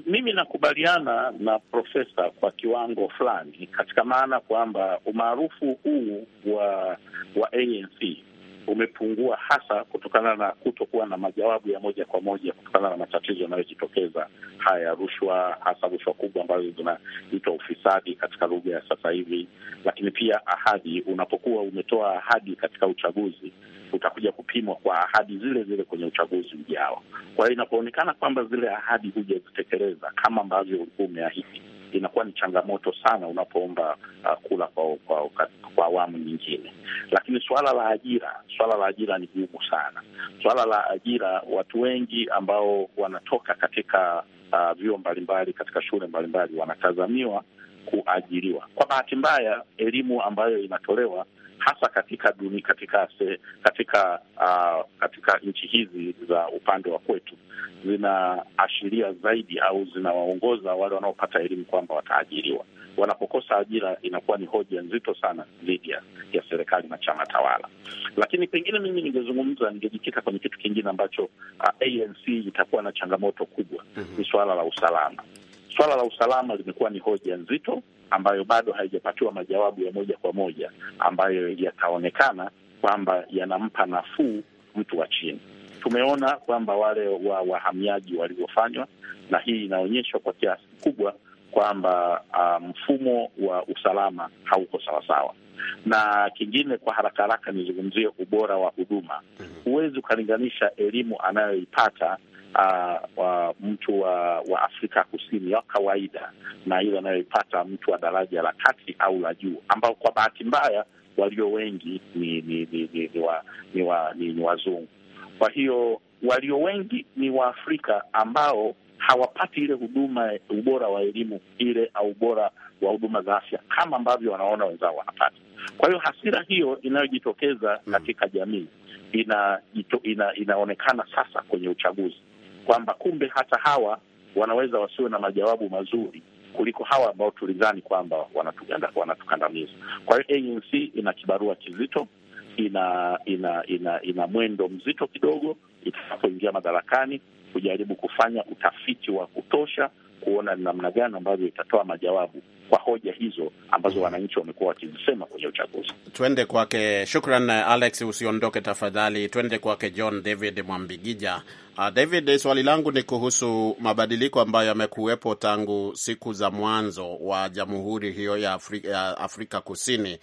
Mimi nakubaliana na profesa kwa kiwango fulani, katika maana kwamba umaarufu huu wa wa ANC umepungua hasa kutokana na kutokuwa na majawabu ya moja kwa moja kutokana na matatizo yanayojitokeza haya ya rushwa, hasa rushwa kubwa ambazo zinaitwa ufisadi katika lugha ya sasa hivi. Lakini pia ahadi, unapokuwa umetoa ahadi katika uchaguzi, utakuja kupimwa kwa ahadi zile zile kwenye uchaguzi ujao. Kwa hiyo inapoonekana kwamba zile ahadi hujazitekeleza kama ambavyo ulikuwa umeahidi inakuwa ni changamoto sana unapoomba uh, kula kwa, kwa, kwa, kwa awamu nyingine. Lakini suala la ajira, suala la ajira ni gumu sana. Suala la ajira, watu wengi ambao wanatoka katika uh, vyuo mbalimbali katika shule mbalimbali wanatazamiwa kuajiriwa. Kwa bahati mbaya, elimu ambayo inatolewa hasa katika duni, katika se, katika uh, katika nchi hizi za upande wa kwetu zinaashiria zaidi au zinawaongoza wale wanaopata elimu kwamba wataajiriwa. Wanapokosa ajira, inakuwa ni hoja nzito sana dhidi ya serikali na chama tawala. Lakini pengine mimi ningezungumza, ningejikita kwenye kitu kingine ambacho uh, ah, ANC itakuwa na changamoto kubwa, mhm. ni mm -hmm. suala la usalama. Suala la usalama limekuwa ni hoja nzito ambayo bado haijapatiwa majawabu ya moja kwa moja ambayo yataonekana kwamba yanampa nafuu mtu wa chini. Tumeona kwamba wale wa wahamiaji walivyofanywa, na hii inaonyeshwa kwa kiasi kikubwa kwamba uh, mfumo wa usalama hauko sawasawa. Na kingine kwa haraka haraka nizungumzie ubora wa huduma. Mm-hmm. Huwezi ukalinganisha elimu anayoipata uh, wa mtu wa, wa Afrika Kusini wa kawaida na ile anayoipata mtu wa daraja la kati au la juu, ambao kwa bahati mbaya walio wengi ni ni ni, ni, ni, wa, ni, wa, ni, ni wazungu. Kwa hiyo walio wengi ni Waafrika ambao hawapati ile huduma, ubora wa elimu ile au ubora wa huduma za afya kama ambavyo wanaona wenzao wanapata. Kwa hiyo hasira hiyo inayojitokeza mm. katika jamii ina, ito, ina, inaonekana sasa kwenye uchaguzi kwamba kumbe hata hawa wanaweza wasiwe na majawabu mazuri kuliko hawa ambao tulidhani kwamba wanatukandamiza. Kwa hiyo ANC ina kibarua kizito, ina ina ina ina mwendo mzito kidogo itakapoingia madarakani, kujaribu kufanya utafiti wa kutosha kuona ni namna gani ambavyo itatoa majawabu kwa hoja hizo ambazo wananchi wamekuwa wakizisema kwenye uchaguzi. Twende kwake. Shukran Alex, usiondoke tafadhali. Twende kwake John David Mwambigija. Uh, David, swali langu ni kuhusu mabadiliko ambayo yamekuwepo tangu siku za mwanzo wa jamhuri hiyo ya Afrika, ya Afrika Kusini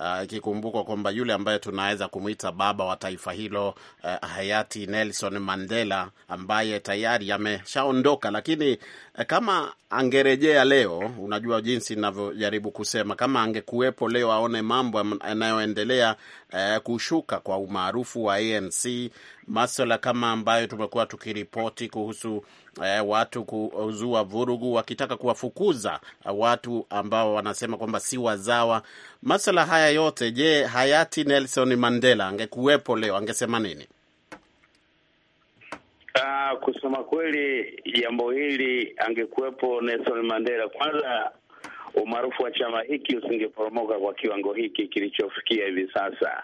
ah, ikikumbukwa uh, kwamba yule ambaye tunaweza kumwita baba wa taifa hilo uh, hayati Nelson Mandela ambaye tayari ameshaondoka, lakini Eh, kama angerejea leo, unajua jinsi ninavyojaribu kusema, kama angekuwepo leo aone mambo yanayoendelea eh, kushuka kwa umaarufu wa ANC, maswala kama ambayo tumekuwa tukiripoti kuhusu eh, watu kuzua vurugu wakitaka kuwafukuza eh, watu ambao wanasema kwamba si wazawa. Maswala haya yote, je, hayati Nelson Mandela angekuwepo leo angesema nini? kusema kweli jambo hili angekuwepo Nelson Mandela, kwanza umaarufu wa chama hiki usingeporomoka kwa kiwango hiki kilichofikia hivi sasa,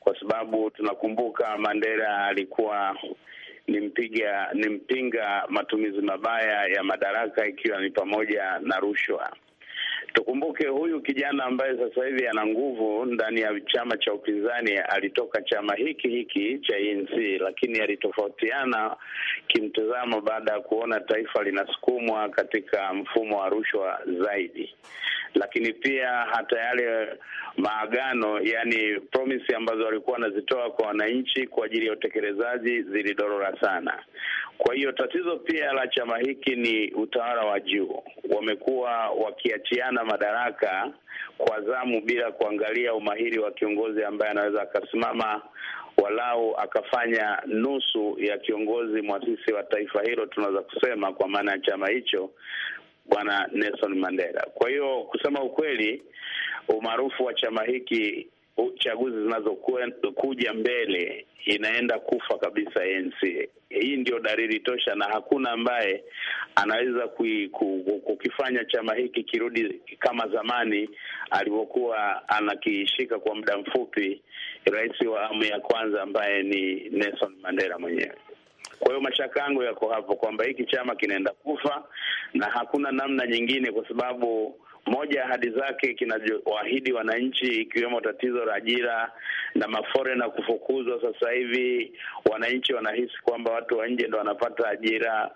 kwa sababu tunakumbuka Mandela alikuwa ni mpiga ni mpinga matumizi mabaya ya madaraka, ikiwa ni pamoja na rushwa. Tukumbuke huyu kijana ambaye sasa hivi ana nguvu ndani ya chama cha upinzani alitoka chama hiki hiki cha ANC, e lakini alitofautiana kimtazamo baada ya kuona taifa linasukumwa katika mfumo wa rushwa zaidi, lakini pia hata yale maagano, yani promise ambazo walikuwa wanazitoa kwa wananchi kwa ajili ya utekelezaji zilidorora sana. Kwa hiyo tatizo pia la chama hiki ni utawala wa juu, wamekuwa wakiachiana madaraka kwa zamu bila kuangalia umahiri wa kiongozi ambaye anaweza akasimama walau akafanya nusu ya kiongozi mwasisi wa taifa hilo, tunaweza kusema kwa maana ya chama hicho, Bwana Nelson Mandela. Kwa hiyo kusema ukweli, umaarufu wa chama hiki chaguzi zinazokuja mbele inaenda kufa kabisa ANC. Hii ndio dalili tosha, na hakuna ambaye anaweza kukifanya chama hiki kirudi kama zamani alivyokuwa anakishika kwa muda mfupi rais wa awamu ya kwanza ambaye ni Nelson Mandela mwenyewe. Kwa hiyo mashaka yangu yako hapo kwamba hiki chama kinaenda kufa na hakuna namna nyingine, kwa sababu moja ya ahadi zake kinachoahidi wananchi, ikiwemo tatizo la ajira na na kufukuzwa. Sasa hivi wananchi wanahisi kwamba watu wa nje ndo wanapata ajira,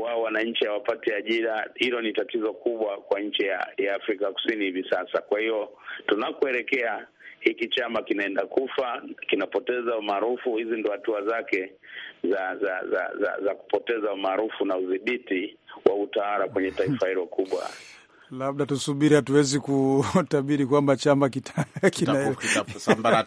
wao wananchi hawapati ajira. Hilo ni tatizo kubwa kwa nchi ya, ya Afrika Kusini hivi sasa. Kwa hiyo tunakuelekea hiki chama kinaenda kufa, kinapoteza umaarufu. Hizi ndo hatua zake za za, za za za kupoteza umaarufu na udhibiti wa utawala kwenye taifa hilo kubwa Labda tusubiri, hatuwezi kutabiri kwamba chama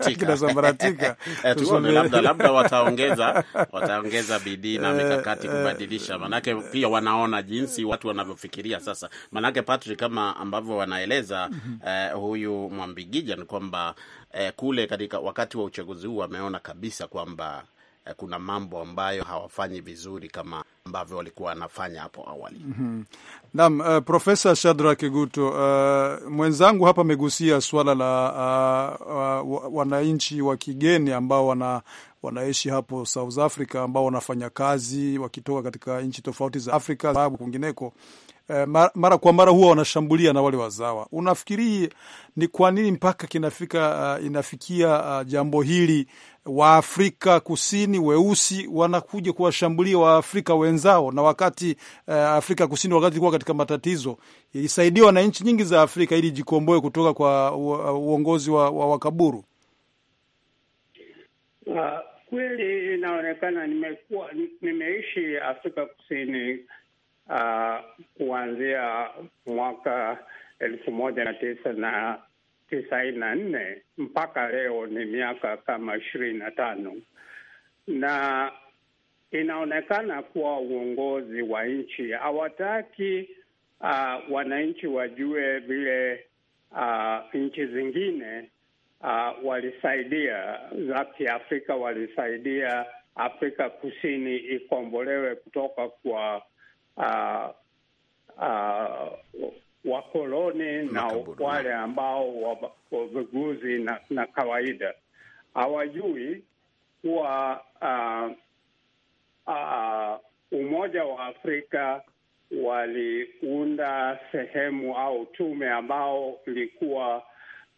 kitasambaratika. [laughs] Eh, tuone labda labda wataongeza wataongeza bidii na eh, mikakati eh. kubadilisha, manake pia wanaona jinsi watu wanavyofikiria sasa. Manake Patrick, kama ambavyo wanaeleza eh, huyu Mwambigija ni kwamba eh, kule katika wakati wa uchaguzi huu wameona kabisa kwamba eh, kuna mambo ambayo hawafanyi vizuri kama ambavyo walikuwa wanafanya hapo awali. mm -hmm. Naam, uh, eh, Profesa shadra Kiguto, uh, eh, mwenzangu hapa amegusia swala la uh, uh, wananchi wa kigeni ambao wana wanaishi hapo South Africa ambao wanafanya kazi wakitoka katika nchi tofauti za Afrika, sababu kwingineko Eh, mara kwa mara huwa wanashambulia na wale wazawa. Unafikiri ni kwa nini mpaka kinafika uh, inafikia uh, jambo hili, Waafrika Kusini weusi wanakuja kuwashambulia Waafrika wenzao, na wakati uh, Afrika Kusini wakati ilikuwa katika matatizo ilisaidiwa na nchi nyingi za Afrika ili jikomboe kutoka kwa uh, uongozi wa, wa wakaburu uh, Kweli inaonekana nimekuwa nimeishi Afrika Kusini Uh, kuanzia mwaka elfu moja na tisa na tisaini na nne mpaka leo ni miaka kama ishirini na tano na inaonekana kuwa uongozi wa nchi hawataki uh, wananchi wajue vile uh, nchi zingine uh, walisaidia za Kiafrika, walisaidia Afrika Kusini ikombolewe kutoka kwa uh, uh, wakoloni na wale ambao wavuguzi na, na kawaida hawajui kuwa uh, uh, Umoja wa Afrika waliunda sehemu au tume ambao ilikuwa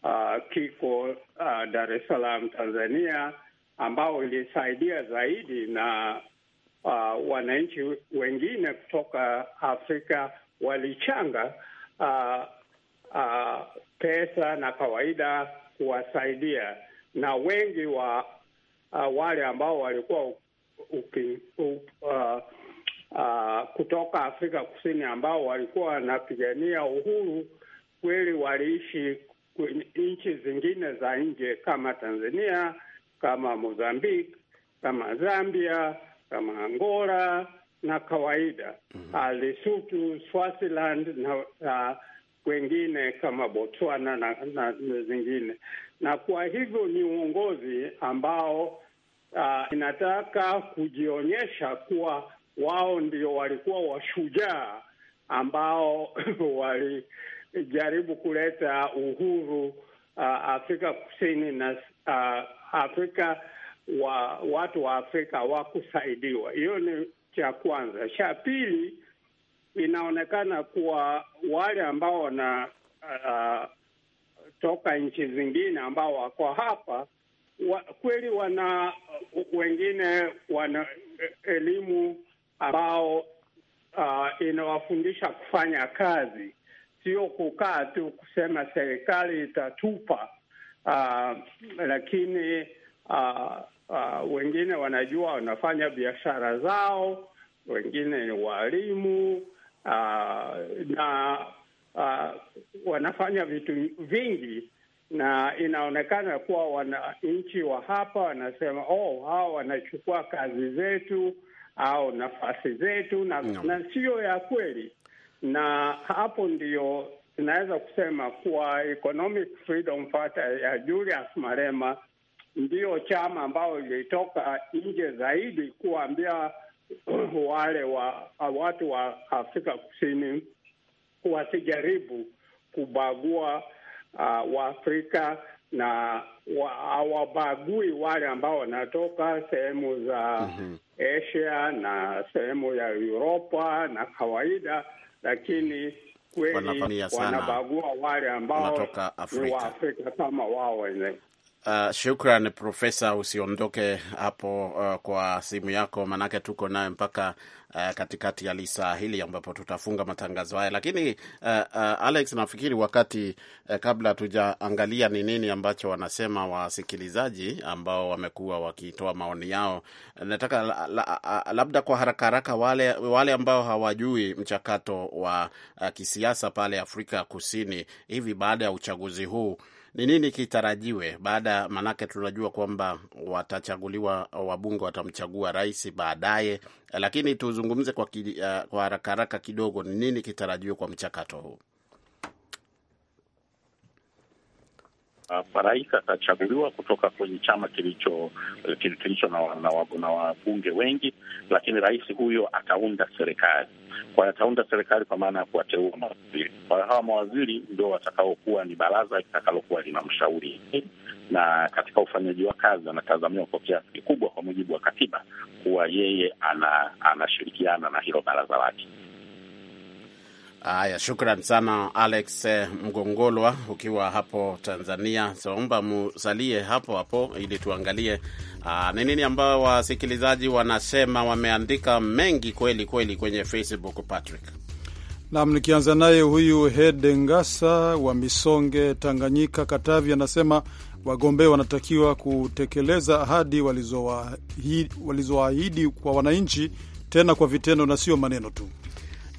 uh, kiko uh, Dar es Salaam Tanzania, ambao ilisaidia zaidi na uh, wananchi wengine kutoka Afrika walichanga uh, uh, pesa na kawaida kuwasaidia, na wengi wa uh, wale ambao walikuwa upi, up, uh, uh, kutoka Afrika Kusini ambao walikuwa wanapigania uhuru kweli waliishi nchi zingine za nje kama Tanzania, kama Mozambique, kama Zambia kama Angola na kawaida mm -hmm. Lesotho, Swaziland na uh, wengine kama Botswana na, na, na zingine, na kwa hivyo ni uongozi ambao uh, inataka kujionyesha kuwa wao ndio walikuwa washujaa ambao [clears throat] walijaribu kuleta uhuru uh, Afrika Kusini na uh, Afrika wa watu wa Afrika wakusaidiwa Hiyo ni cha kwanza. Cha pili, inaonekana kuwa wale ambao wana uh, toka nchi zingine ambao wako hapa wa, kweli wana wengine wana elimu ambao uh, inawafundisha kufanya kazi, sio kukaa tu kusema serikali itatupa uh, lakini uh, Uh, wengine wanajua wanafanya biashara zao, wengine ni walimu uh, na uh, wanafanya vitu vingi, na inaonekana kuwa wananchi wa hapa wanasema oh, hao wanachukua kazi zetu au nafasi zetu na, no. na sio ya kweli, na hapo ndio inaweza kusema kuwa Economic Freedom ya Julius Malema ndio chama ambayo ilitoka nje zaidi kuambia [clears throat] wale wa watu wa Afrika Kusini wasijaribu kubagua uh, Waafrika na hawabagui wa, wale ambao wanatoka sehemu za mm -hmm. Asia na sehemu ya Uropa na kawaida, lakini kweli wanabagua wale ambao ni Waafrika kama wao wenyewe. Uh, shukran Profesa, usiondoke hapo uh, kwa simu yako, maanake tuko naye mpaka uh, katikati ya lisaa hili ambapo tutafunga matangazo haya, lakini uh, uh, Alex, nafikiri wakati uh, kabla tujaangalia ni nini ambacho wanasema wasikilizaji ambao wamekuwa wakitoa maoni yao, nataka la, la, labda kwa haraka haraka wale, wale ambao hawajui mchakato wa uh, kisiasa pale Afrika Kusini hivi baada ya uchaguzi huu ni nini kitarajiwe baada? Maanake tunajua kwamba watachaguliwa wabunge, watamchagua rais baadaye, lakini tuzungumze kwa eh, haraka haraka uh, kidogo, ni nini kitarajiwe kwa mchakato huu? uh, rais atachaguliwa kutoka kwenye chama kilicho kilicho na, na, na, na wabunge wengi, lakini rais huyo ataunda serikali kwa ataunda serikali kwa maana ya kuwateua mawaziri. Kwa hawa mawaziri ndio watakaokuwa ni baraza litakalokuwa lina mshauri, na katika ufanyaji wa kazi anatazamiwa kwa kiasi kikubwa, kwa mujibu wa katiba, kuwa yeye ana, anashirikiana na hilo baraza lake. Haya, shukran sana Alex eh, Mgongolwa ukiwa hapo Tanzania. Saomba musalie hapo hapo ili tuangalie ah, ni nini ambayo wasikilizaji wanasema. Wameandika mengi kweli kweli kwenye Facebook, Patrick. Naam, nikianza naye huyu Hede Ngasa wa Misonge, Tanganyika, Katavi, anasema wagombea wanatakiwa kutekeleza ahadi walizowaahidi kwa wananchi, tena kwa vitendo na sio maneno tu.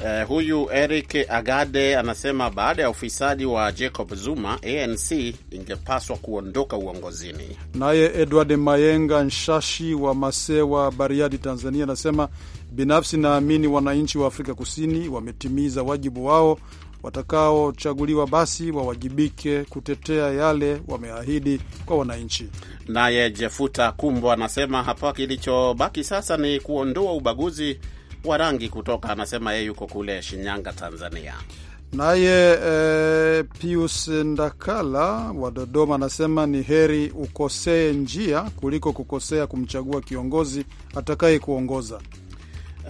Eh, huyu Eric Agade anasema baada ya ufisadi wa Jacob Zuma, ANC ingepaswa kuondoka uongozini. Naye Edward Mayenga Nshashi wa Masewa, Bariadi, Tanzania anasema binafsi naamini wananchi wa Afrika Kusini wametimiza wajibu wao, watakaochaguliwa basi wawajibike kutetea yale wameahidi kwa wananchi. Naye Jefuta Kumbo anasema hapa kilichobaki sasa ni kuondoa ubaguzi wa rangi kutoka anasema yeye yuko kule Shinyanga, Tanzania. Naye eh, Pius Ndakala wa Dodoma anasema ni heri ukosee njia kuliko kukosea kumchagua kiongozi atakaye kuongoza.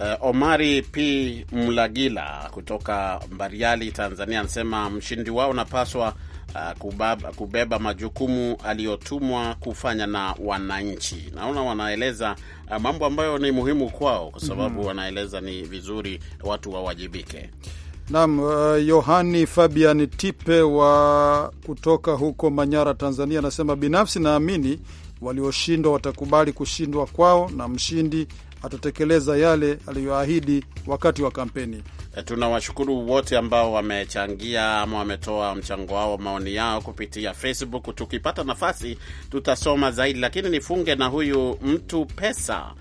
Eh, Omari P Mlagila kutoka Mbariali, Tanzania anasema mshindi wao unapaswa Uh, kubaba, kubeba majukumu aliyotumwa kufanya na wananchi. Naona wanaeleza uh, mambo ambayo ni muhimu kwao, kwa sababu mm, wanaeleza ni vizuri watu wawajibike. Naam, uh, Yohani Fabian Tipe wa kutoka huko Manyara, Tanzania anasema, binafsi naamini walioshindwa watakubali kushindwa kwao na mshindi atatekeleza yale aliyoahidi wakati wa kampeni. E, tunawashukuru wote ambao wamechangia ama wametoa mchango wao, maoni yao kupitia Facebook. Tukipata nafasi, tutasoma zaidi, lakini nifunge na huyu mtu pesa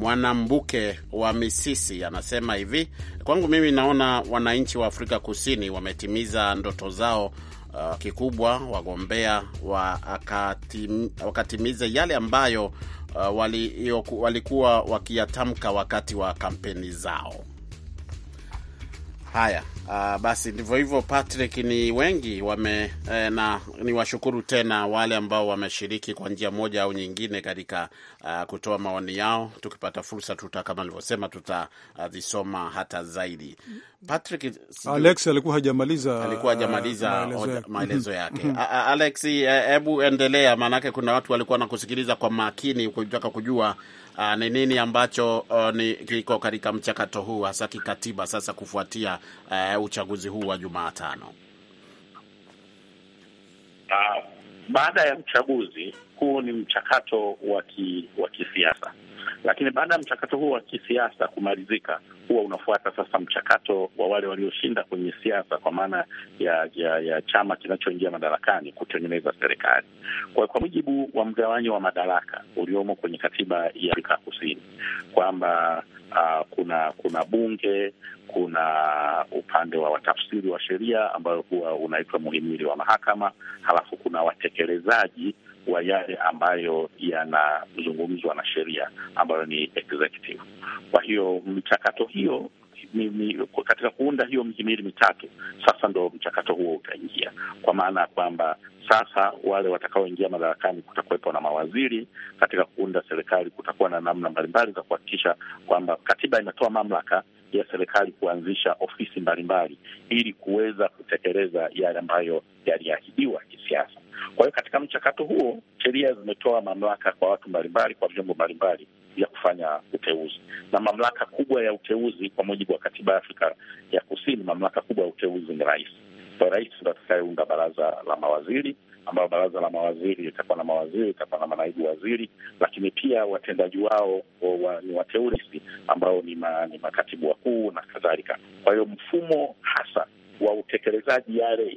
Mwanambuke wa Misisi anasema hivi: kwangu mimi naona wananchi wa Afrika Kusini wametimiza ndoto zao. Uh, kikubwa wagombea wa, akatimiza yale ambayo uh, walikuwa wali wakiyatamka wakati wa kampeni zao. Haya, uh, basi ndivyo hivyo Patrick. Ni wengi wame eh, na ni washukuru tena wale ambao wameshiriki kwa njia moja au nyingine katika uh, kutoa maoni yao. Tukipata fursa tuta kama alivyosema tutazisoma ah, uh, hata zaidi. Mm-hmm. Patrick Alex alikuwa hajamaliza alikuwa hajamaliza uh, maelezo yake mm-hmm. Mm-hmm. Alex, eh, hebu endelea, maanake kuna watu walikuwa kusikiliza kwa makini kutaka kujua uh, ni nini ambacho uh, ni kiko katika mchakato huu hasa kikatiba sasa kufuatia uh, uchaguzi huu wa Jumatano uh, baada ya uchaguzi huu ni mchakato wa kisiasa, lakini baada ya mchakato huu wa kisiasa kumalizika, huwa unafuata sasa mchakato wa wale walioshinda kwenye siasa, kwa maana ya, ya ya chama kinachoingia madarakani kutengeneza serikali. Kwa kwa mujibu wa mgawanyo wa madaraka uliomo kwenye katiba ya Afrika Kusini kwamba Uh, kuna kuna bunge, kuna upande wa watafsiri wa sheria ambayo huwa unaitwa muhimili wa mahakama, halafu kuna watekelezaji wa yale ambayo yanazungumzwa na sheria ambayo ni executive. Kwa hiyo mchakato hiyo ni, ni, katika kuunda hiyo mihimili mitatu sasa ndo mchakato huo utaingia, kwa maana ya kwamba sasa wale watakaoingia madarakani kutakuwepo na mawaziri katika kuunda serikali. Kutakuwa na namna mbalimbali za kuhakikisha kwamba katiba inatoa mamlaka ya serikali kuanzisha ofisi mbalimbali ili kuweza kutekeleza yale ambayo yaliahidiwa kisiasa. Kwa hiyo katika mchakato huo sheria zimetoa mamlaka kwa watu mbalimbali, kwa vyombo mbalimbali vya kufanya uteuzi, na mamlaka kubwa ya uteuzi kwa mujibu wa katiba ya Afrika ya Kusini, mamlaka kubwa ya uteuzi ni rais. Kwa rais ndo atakayeunda baraza la mawaziri ambayo baraza la mawaziri litakuwa na mawaziri, itakuwa na manaibu waziri, lakini pia watendaji wao wa, ni wateurisi ambao ni, ma, ni makatibu wakuu na kadhalika. Kwa hiyo mfumo hasa wa utekelezaji yale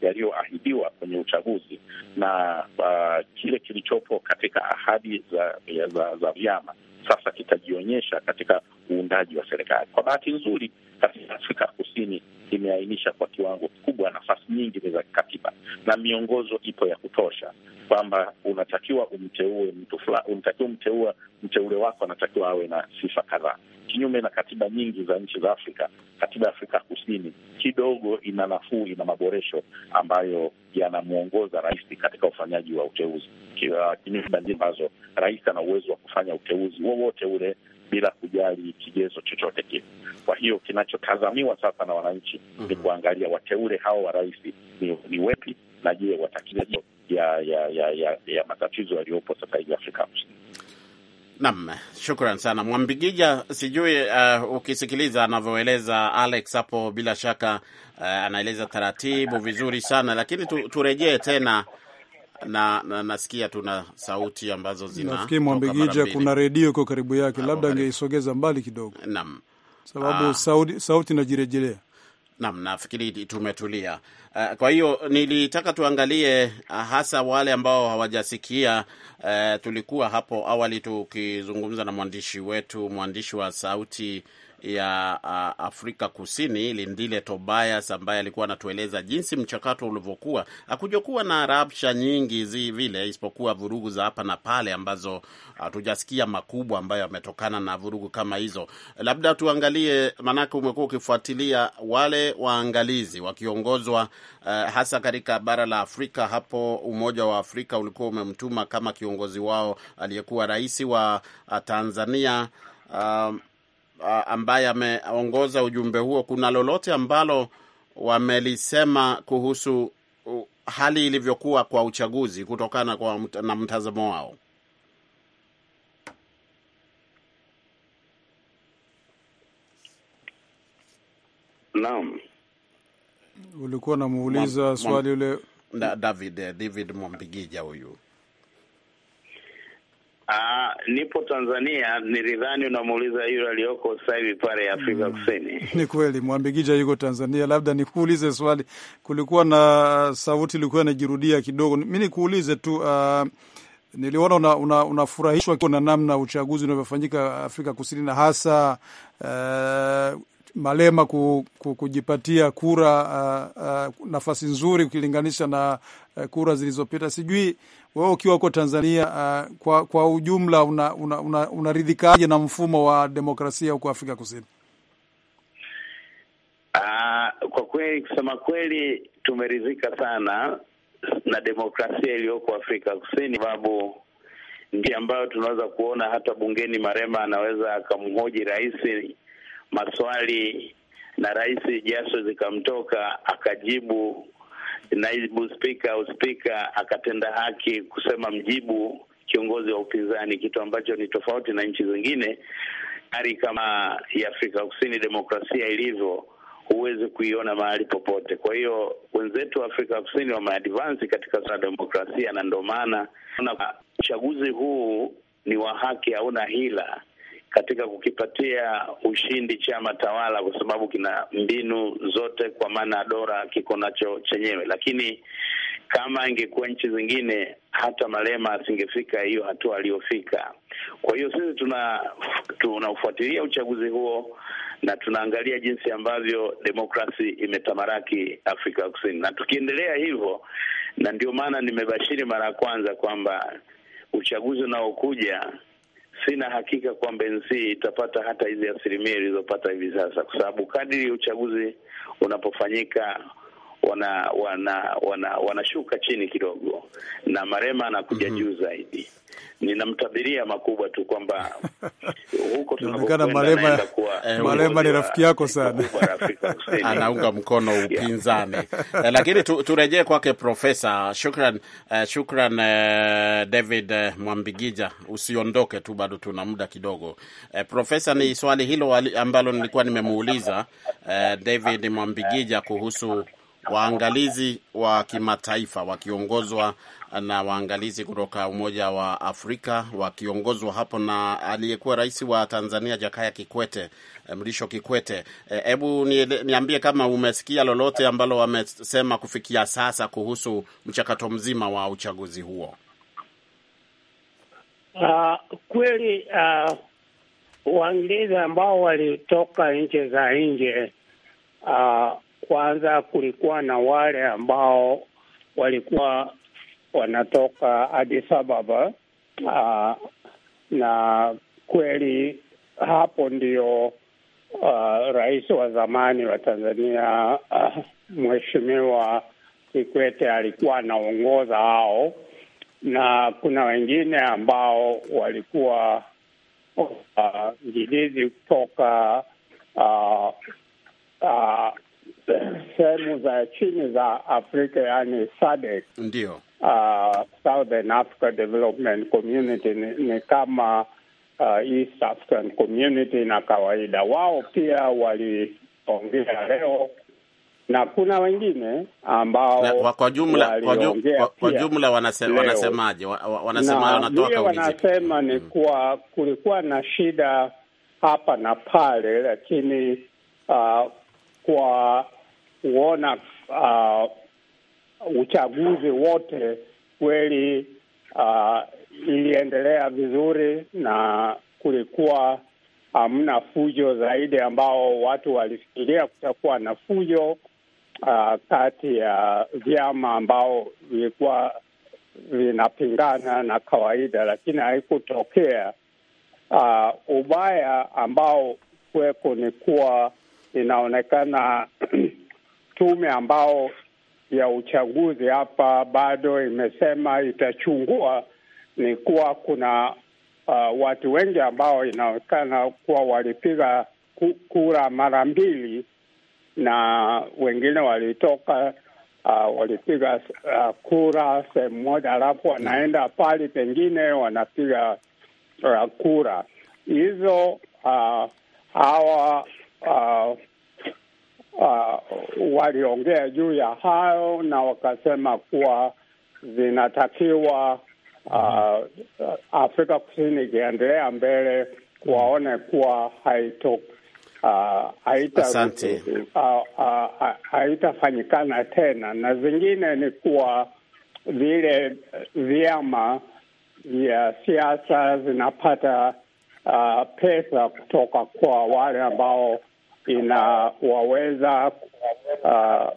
yaliyoahidiwa kwenye uchaguzi na uh, kile kilichopo katika ahadi za, za, za vyama sasa kitajionyesha katika uundaji wa serikali. Kwa bahati nzuri, katika Afrika Kusini imeainisha kwa kiwango kikubwa nafasi nyingi ni za kikatiba na miongozo ipo ya kutosha, kwamba unatakiwa umteue mtu fulani, unatakiwa umteua mteule wako anatakiwa awe na sifa kadhaa kinyume na katiba nyingi za nchi za Afrika, katiba ya Afrika Kusini kidogo ina nafuu, ina maboresho ambayo yanamwongoza rais katika ufanyaji wa uteuzi, uh, kinyume na njia ambazo rais ana uwezo wa kufanya uteuzi wowote ule bila kujali kigezo chochote kile. Kwa hiyo kinachotazamiwa sasa na wananchi mm -hmm. ni mhm. kuangalia wateule hao wa rais ni, ni wepi na je, watakija ya, ya, ya, ya, ya matatizo yaliyopo sasa hivi Afrika Kusini. Nam, shukran sana Mwambigija. Sijui uh, ukisikiliza anavyoeleza Alex hapo, bila shaka uh, anaeleza taratibu vizuri sana lakini tu, turejee tena na, na nasikia tuna sauti ambazo zina nafikiri Mwambigija kuna redio iko karibu yake, labda angeisogeza mbali kidogo. nam sababu ah. sauti, sauti najirejelea Naam, nafikiri tumetulia. Uh, kwa hiyo nilitaka tuangalie eh, hasa wale ambao hawajasikia. Uh, tulikuwa hapo awali tukizungumza na mwandishi wetu, mwandishi wa sauti ya Afrika Kusini, Lindile Tobias ambaye alikuwa anatueleza jinsi mchakato ulivyokuwa. Hakuja na rabsha nyingi zi vile, isipokuwa vurugu za hapa na pale ambazo hatujasikia makubwa ambayo yametokana na vurugu kama hizo. Labda tuangalie, maanake umekuwa ukifuatilia wale waangalizi wakiongozwa uh, hasa katika bara la Afrika. Hapo Umoja wa Afrika ulikuwa umemtuma kama kiongozi wao aliyekuwa rais wa Tanzania um, ambaye ameongoza ujumbe huo, kuna lolote ambalo wamelisema kuhusu hali ilivyokuwa kwa uchaguzi kutokana kwa na mtazamo wao? Naam, ulikuwa namuuliza swali ule David, eh, David Mwambigija huyu Aa, ah, nipo Tanzania, nilidhani unamuuliza yule aliyoko sasa hivi pale Afrika mm, Kusini. [laughs] Ni kweli Mwambigija yuko Tanzania. Labda nikuulize swali, kulikuwa na sauti ilikuwa inajirudia kidogo. Mi nikuulize tu uh, niliona unafurahishwa una, una na namna uchaguzi unavyofanyika Afrika Kusini na hasa uh, Malema ku, ku, kujipatia kura uh, uh, nafasi nzuri ukilinganisha na uh, kura zilizopita. Sijui wewe ukiwa huko Tanzania uh, kwa, kwa ujumla unaridhikaje una, una, una na mfumo wa demokrasia huko Afrika Kusini? Uh, kwa kweli kusema kweli tumeridhika sana na demokrasia iliyoko Afrika Kusini, sababu ndio ambayo tunaweza kuona hata bungeni Marema anaweza akamhoji rais maswali na rais jasho zikamtoka akajibu naibu spika au spika akatenda haki kusema mjibu kiongozi wa upinzani, kitu ambacho ni tofauti na nchi zingine. Hali kama ya Afrika Kusini demokrasia ilivyo huwezi kuiona mahali popote. Kwa hiyo wenzetu wa Afrika Kusini wameadvansi katika suala la demokrasia, na ndio maana uchaguzi huu ni wa haki, hauna hila katika kukipatia ushindi chama tawala, kwa sababu kina mbinu zote, kwa maana ya dora kiko nacho chenyewe. Lakini kama ingekuwa nchi zingine, hata Malema asingefika hiyo hatua aliyofika. Kwa hiyo sisi tuna tunaufuatilia uchaguzi huo na tunaangalia jinsi ambavyo demokrasi imetamaraki Afrika ya Kusini, na tukiendelea hivyo, na ndio maana nimebashiri mara ya kwanza kwamba uchaguzi unaokuja sina hakika kwamba NC itapata hata hizi asilimia ilizopata hivi sasa, kwa sababu kadiri uchaguzi unapofanyika wana wana wanashuka wana chini kidogo, na Marema anakuja mm -hmm. juu zaidi. Ninamtabiria makubwa tu kwamba [laughs] huko tunaonekana Marema, eh, Marema ni rafiki yako sana [laughs] anaunga mkono upinzani yeah. [laughs] Lakini tu, turejee kwake Profesa. Shukran, uh, shukran uh, David uh, Mwambigija, usiondoke tu, bado tuna muda kidogo. Uh, Profesa, ni swali hilo ambalo nilikuwa nimemuuliza uh, David Mwambigija kuhusu waangalizi wa kimataifa wakiongozwa na waangalizi kutoka Umoja wa Afrika wakiongozwa hapo na aliyekuwa rais wa Tanzania Jakaya Kikwete, eh, Mrisho Kikwete. Eh, hebu e, niambie kama umesikia lolote ambalo wamesema kufikia sasa kuhusu mchakato mzima wa uchaguzi huo. Uh, kweli uh, waangalizi ambao walitoka nchi za nje uh, kwanza kulikuwa na wale ambao walikuwa wanatoka Addis Ababa, ah, na kweli hapo ndio uh, rais wa zamani wa Tanzania uh, Mheshimiwa Kikwete alikuwa anaongoza hao, na kuna wengine ambao walikuwa uh, jilizi kutoka uh, uh, sehemu za chini za Afrika yani SADC, ndio uh, ah, Southern Africa Development Community ni, ni kama uh, East African Community na kawaida wao pia waliongea leo na kuna wengine ambao na, kwa jumla kwa, ju, kwa, kwa jumla wanasema, wanasemaje wanasema wanatoka wanasema ni mm. kuwa kulikuwa na shida hapa na pale, lakini uh, kwa kuona uh, uchaguzi wote kweli uh, iliendelea vizuri na kulikuwa hamna fujo zaidi, ambao watu walifikiria kutakuwa na fujo uh, kati ya vyama ambao vilikuwa vinapingana na kawaida, lakini haikutokea. Uh, ubaya ambao kweko ni kuwa inaonekana [clears throat] tume ambao ya uchaguzi hapa bado imesema itachungua ni kuwa kuna uh, watu wengi ambao inaonekana kuwa walipiga kura mara mbili na wengine walitoka uh, walipiga uh, kura sehemu moja, alafu wanaenda pali pengine wanapiga uh, kura hizo. Uh, hawa uh, uh, waliongea juu ya hayo na wakasema kuwa zinatakiwa uh, Afrika Kusini ikiendelea mbele waone kuwa haito Uh, haitafanyikana uh, uh, uh, tena na zingine ni kuwa vile vyama vya siasa zinapata uh, pesa kutoka kwa wale ambao inawaweza uh,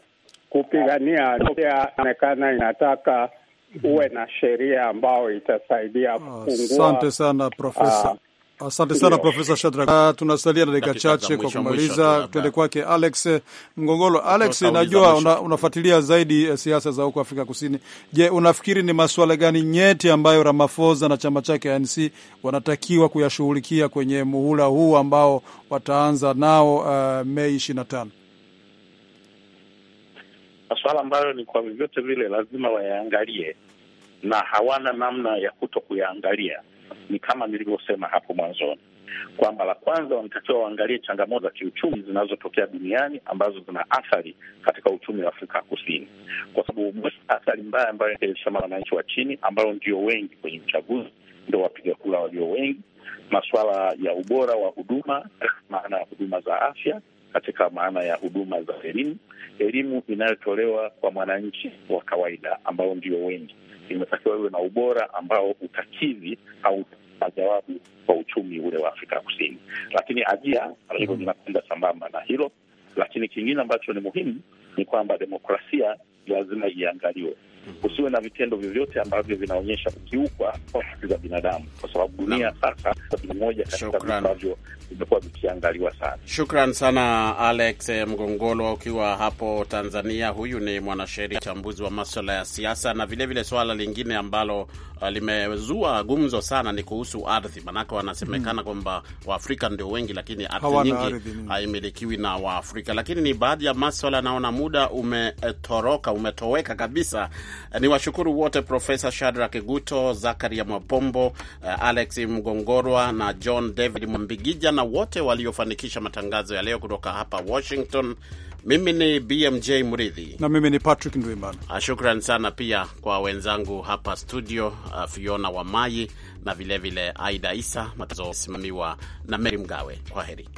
kupigania inaonekana inataka uwe na sheria ambayo itasaidia oh, kupungua. Asante sana profesa. Uh, Asante sana Profesa Shadrack. Ah, tunasalia na dakika chache kwa kumaliza, tuende kwake Alex Mgongolo. Eh, Alex, najua una, unafuatilia zaidi eh, siasa za huko Afrika Kusini. Je, unafikiri ni masuala gani nyeti ambayo Ramaphosa na chama chake ANC wanatakiwa kuyashughulikia kwenye muhula huu ambao wataanza nao uh, Mei ishirini na tano? Masuala ambayo ni kwa vyovyote vile lazima wayaangalie na hawana namna ya kuto kuyaangalia ni kama nilivyosema hapo mwanzoni kwamba la kwanza wanatakiwa waangalie changamoto za kiuchumi zinazotokea duniani ambazo zina athari katika uchumi wa Afrika Kusini, kwa sababu moja athari mbaya ambayo inaelekea wananchi wa chini ambao ndio wengi kwenye uchaguzi, ndio wapiga kura walio wengi, masuala ya ubora wa huduma, maana ya huduma za afya katika maana ya huduma za elimu, elimu inayotolewa kwa mwananchi wa kawaida ambao ndio wengi, imetakiwa iwe na ubora ambao utakidhi au majawabu kwa uchumi ule wa Afrika Kusini, lakini ajia hilo linakwenda mm-hmm. sambamba na hilo. Lakini kingine ambacho ni muhimu ni kwamba demokrasia lazima iangaliwe. Mm-hmm. usiwe na vitendo vyovyote ambavyo vinaonyesha kukiukwa kwa haki za binadamu, kwa sababu dunia sasa ni moja katika vitu ambavyo vimekuwa vikiangaliwa sana. Shukran sana Alex Mgongolwa ukiwa hapo Tanzania. Huyu ni mwanasheria, mchambuzi wa maswala ya siasa, na vilevile vile swala lingine ambalo Ah, limezua gumzo sana ni kuhusu ardhi, maanake wanasemekana mm, kwamba Waafrika ndio wengi, lakini ardhi nyingi haimilikiwi na Waafrika. Lakini ni baadhi ya maswala, naona muda umetoroka, umetoweka kabisa. Eh, ni washukuru wote, Profesa shadrak Guto, Zakaria Mwapombo, eh, Alex Mgongorwa na John David Mwambigija na wote waliofanikisha matangazo ya leo kutoka hapa Washington. Mimi ni BMJ Mridhi na mimi ni Patrick Ndwimana. Ah, shukran sana pia kwa wenzangu hapa studio, ah, Fiona Wamai na vilevile vile Aida Isa, matazosimamiwa na Meri Mgawe. Kwa heri.